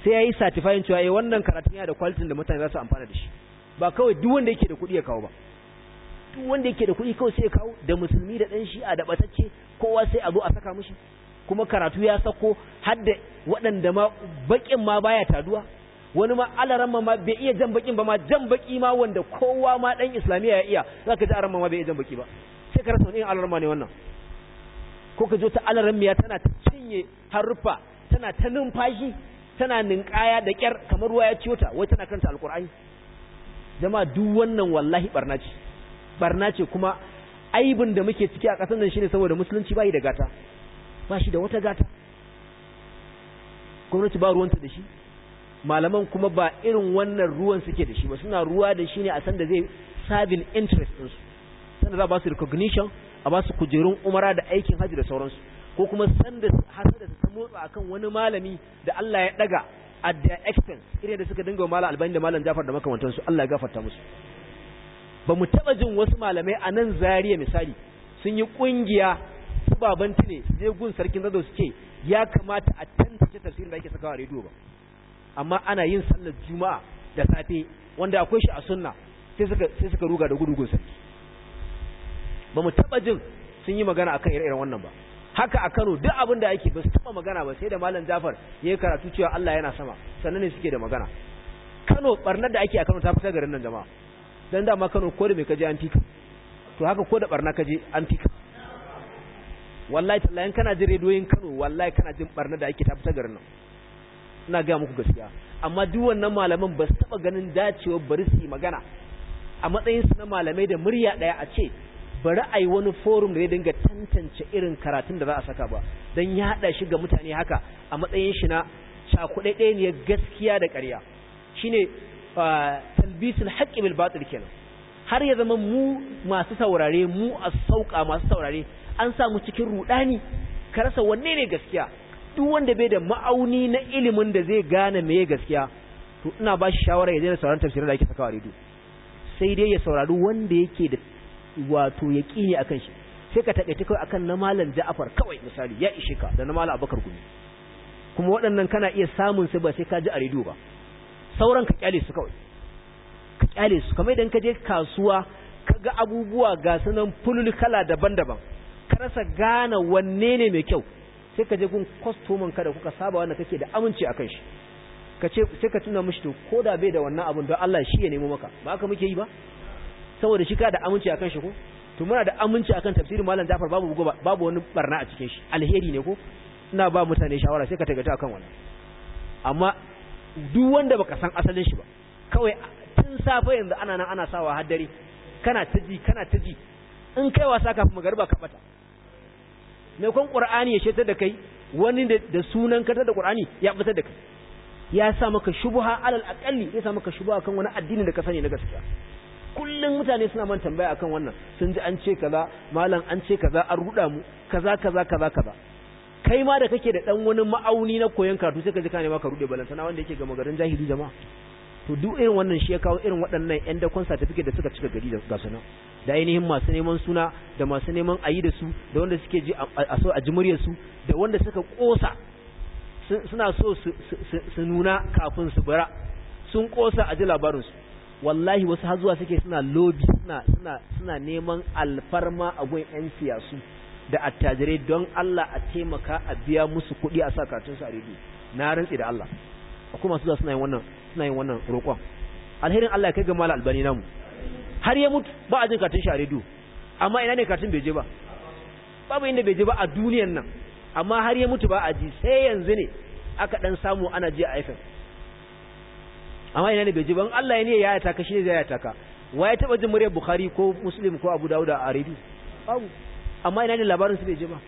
sai ya yi satifayin cewa eh, wannan karatun yana da kwalitin da mutane za su amfana da shi ba kawai duk wanda yake da kuɗi ya kawo ba duk wanda yake da kuɗi kawai sai ya kawo da musulmi da ɗan shi'a da batacce kowa sai a zo a saka mishi kuma karatu ya sako har da waɗanda ma baƙin ma baya taduwa wani ma alarama ma bai iya jan bakin ba ma jan baki ma wanda kowa ma dan islamiya ya iya zaka ji aramma ma bai iya jan baki ba sai ka rasa wani alarama ne wannan ko ka zo ta miya tana ta cinye haruffa tana ta numfashi tana ninkaya da kyar kamar ruwa ya ciyo ta wai tana kanta alkur'ani jama'a duk wannan wallahi barna ce barna ce kuma aibin da muke ciki a ƙasar nan shine saboda musulunci bai da gata ba shi da wata gata gwamnati ba ruwanta da shi malaman kuma ba irin wannan ruwan suke da shi ba suna ruwa da shi ne a san zai sabin interest ɗinsu sanda za ba su recognition a ba su kujerun umara da aikin hajji da sauransu ko kuma sanda hasada ta motsa akan wani malami da Allah ya ɗaga at their expense irin da suka dinga malam albani da malam Jafar da makamantansu Allah ya gafarta musu ba mu taba jin wasu malamai a nan zariya misali sun yi ƙungiya su babanti ne su je gun sarkin zado su ce ya kamata a tantance tasirin da ake sakawa rediyo ba amma ana yin sallar juma'a da safe wanda akwai shi a sunna sai suka sai suka ruga da gudugun sarki ba mu taba jin sun yi magana akan ire-iren wannan ba haka a Kano duk abin da yake ba su taba magana ba sai da Malam Jafar yayin karatu cewa Allah yana sama sannan ne suke da magana Kano barnar da ake a Kano ta fita garin nan jama'a dan ma Kano ko da me kaje antika to haka ko da barna kaje antika wallahi tallahi kana jin rediyoyin Kano wallahi kana jin barnar da ake ta fita garin nan ina ga muku gaskiya amma duk wannan malaman ba su taba ganin dacewa bari su yi magana a matsayin su na malamai da murya daya a ce bari ai wani forum da ya dinga tantance irin karatun da za a saka ba dan ya hada shi ga mutane haka a matsayin shi na cakuɗaɗɗe ne gaskiya da ƙarya shine talbisul haqqi bil batil kenan har ya zama mu masu saurare mu a sauka masu saurare an samu cikin rudani ka rasa wanne ne gaskiya duk wanda bai da ma'auni na ilimin da zai gane ya gaskiya to ina ba shi shawara ya daina sauraron tafsirin da ake sakawa rediyo sai dai ya saurari wanda yake da wato yaqini akan shi sai ka taƙaita kai akan na malam Ja'far kawai misali ya ishe ka da na malam Abubakar Gumi kuma waɗannan kana iya samun su ba sai ka ji a rediyo ba sauran ka kyale su kawai ka kyale su kamar idan ka je kasuwa ka ga abubuwa ga sunan fulul kala daban-daban ka rasa gane wanne ne mai kyau sai ka je gun kwastomin ka da kuka saba wanda kake da aminci akan shi ka ce sai ka tuna mashi ko da bai da wannan abun don Allah shi ya nemo maka ba aka muke yi ba saboda shi ka da aminci akan shi ko to muna da aminci akan tafsirin malam Jafar babu wani barna a cikin shi alheri ne ko ina ba mutane shawara sai ka tagata akan wannan amma duk wanda baka san asalin shi ba kawai tun safe yanzu ana nan ana sawa har kana ta kana ta in kai wasa kafin magariba ka bata me kon qur'ani ya shetar da kai wani da sunan karta da qur'ani ya fitar da kai ya sa maka shubha alal aqalli ya sa maka shubha kan wani addini da ka sani na gaskiya kullum mutane suna man tambaya akan wannan sun ji an ce kaza malam an ce kaza an ruda mu kaza kaza kaza kaza kai ma da kake da dan wani ma'auni na koyon karatu sai ka ji kane ma ka rude balantana wanda yake gama garin jahili jama'a to duk irin wannan shi ya kawo irin waɗannan ƴan dakon certificate da suka cika gari da ga sunan da ainihin masu neman suna da masu neman ayi da su da wanda suke ji a so a ji muryar su da wanda suka kosa suna so su nuna kafin su bara sun kosa a ji labarin su wallahi wasu har zuwa suke suna lobi suna suna suna neman alfarma a gun ƴan siyasu da attajirai don Allah a taimaka a biya musu kuɗi a sa karatun su a rediyo na rantsi da Allah akwai masu zuwa suna yin wannan suna yin wannan roƙon alherin Allah ya kai ga mala albani namu har ya mutu ba a jin katin shi a rediyo amma ina ne katin bai je ba babu inda bai je ba a duniyan nan amma har ya mutu ba a ji sai yanzu ne aka dan samu ana ji a FM amma ina ne bai ba Allah ya ne ya yata ka shi ne ya yata ka wa ya taba jin murya Bukhari ko Muslim ko Abu Dawud a rediyo babu amma ina ne labarin su bai je ba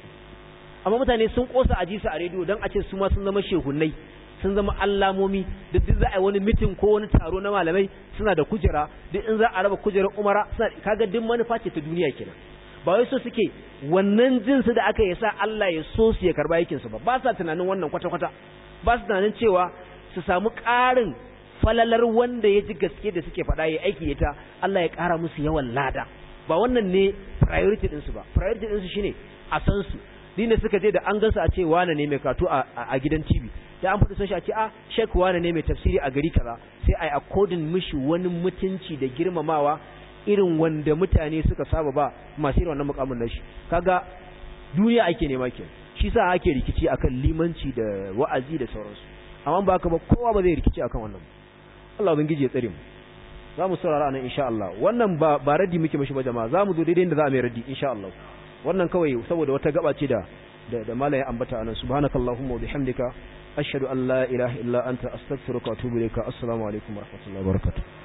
amma mutane sun kosa ji su a rediyo dan a ce su ma sun zama shehunnai sun zama allamomi da duk za a yi wani mitin ko wani taro na malamai suna da kujera duk in za a raba kujerar umara suna kaga duk manufa ce ta duniya kenan ba wai so suke wannan su da aka yi sa Allah ya so su ya karba yakin su ba ba sa tunanin wannan kwata kwata ba su tunanin cewa su samu ƙarin falalar wanda ya ji gaske da suke faɗa ya aiki ita Allah ya ƙara musu yawan lada ba wannan ne priority ɗinsu ba priority ɗinsu shine a san su dinne suka je da an gansu a ce wane ne mai kato a gidan TV da an fito shi a ce a ah, shek wane ne mai tafsiri a gari kaza sai ai according mishi wani mutunci da girmamawa irin wanda mutane suka saba ba masu irin wannan mukamin nashi kaga duniya ake nema ke shi sa ake rikici akan limanci da wa'azi da sauransu amma ba haka ba kowa ba zai rikici akan wannan Allah ubangiji ya tsare mu za mu saurara nan insha Allah wannan ba ba raddi muke mishi ba jama'a za mu zo daidai inda za mu yi raddi insha Allah wannan kawai saboda wata gaba ce da da malamin ambata anan subhanakallahumma wa bihamdika ashhadu allah la ilaha illa anta astaghfiruka wa atubu ilayka assalamu alaikum wa rahmatullahi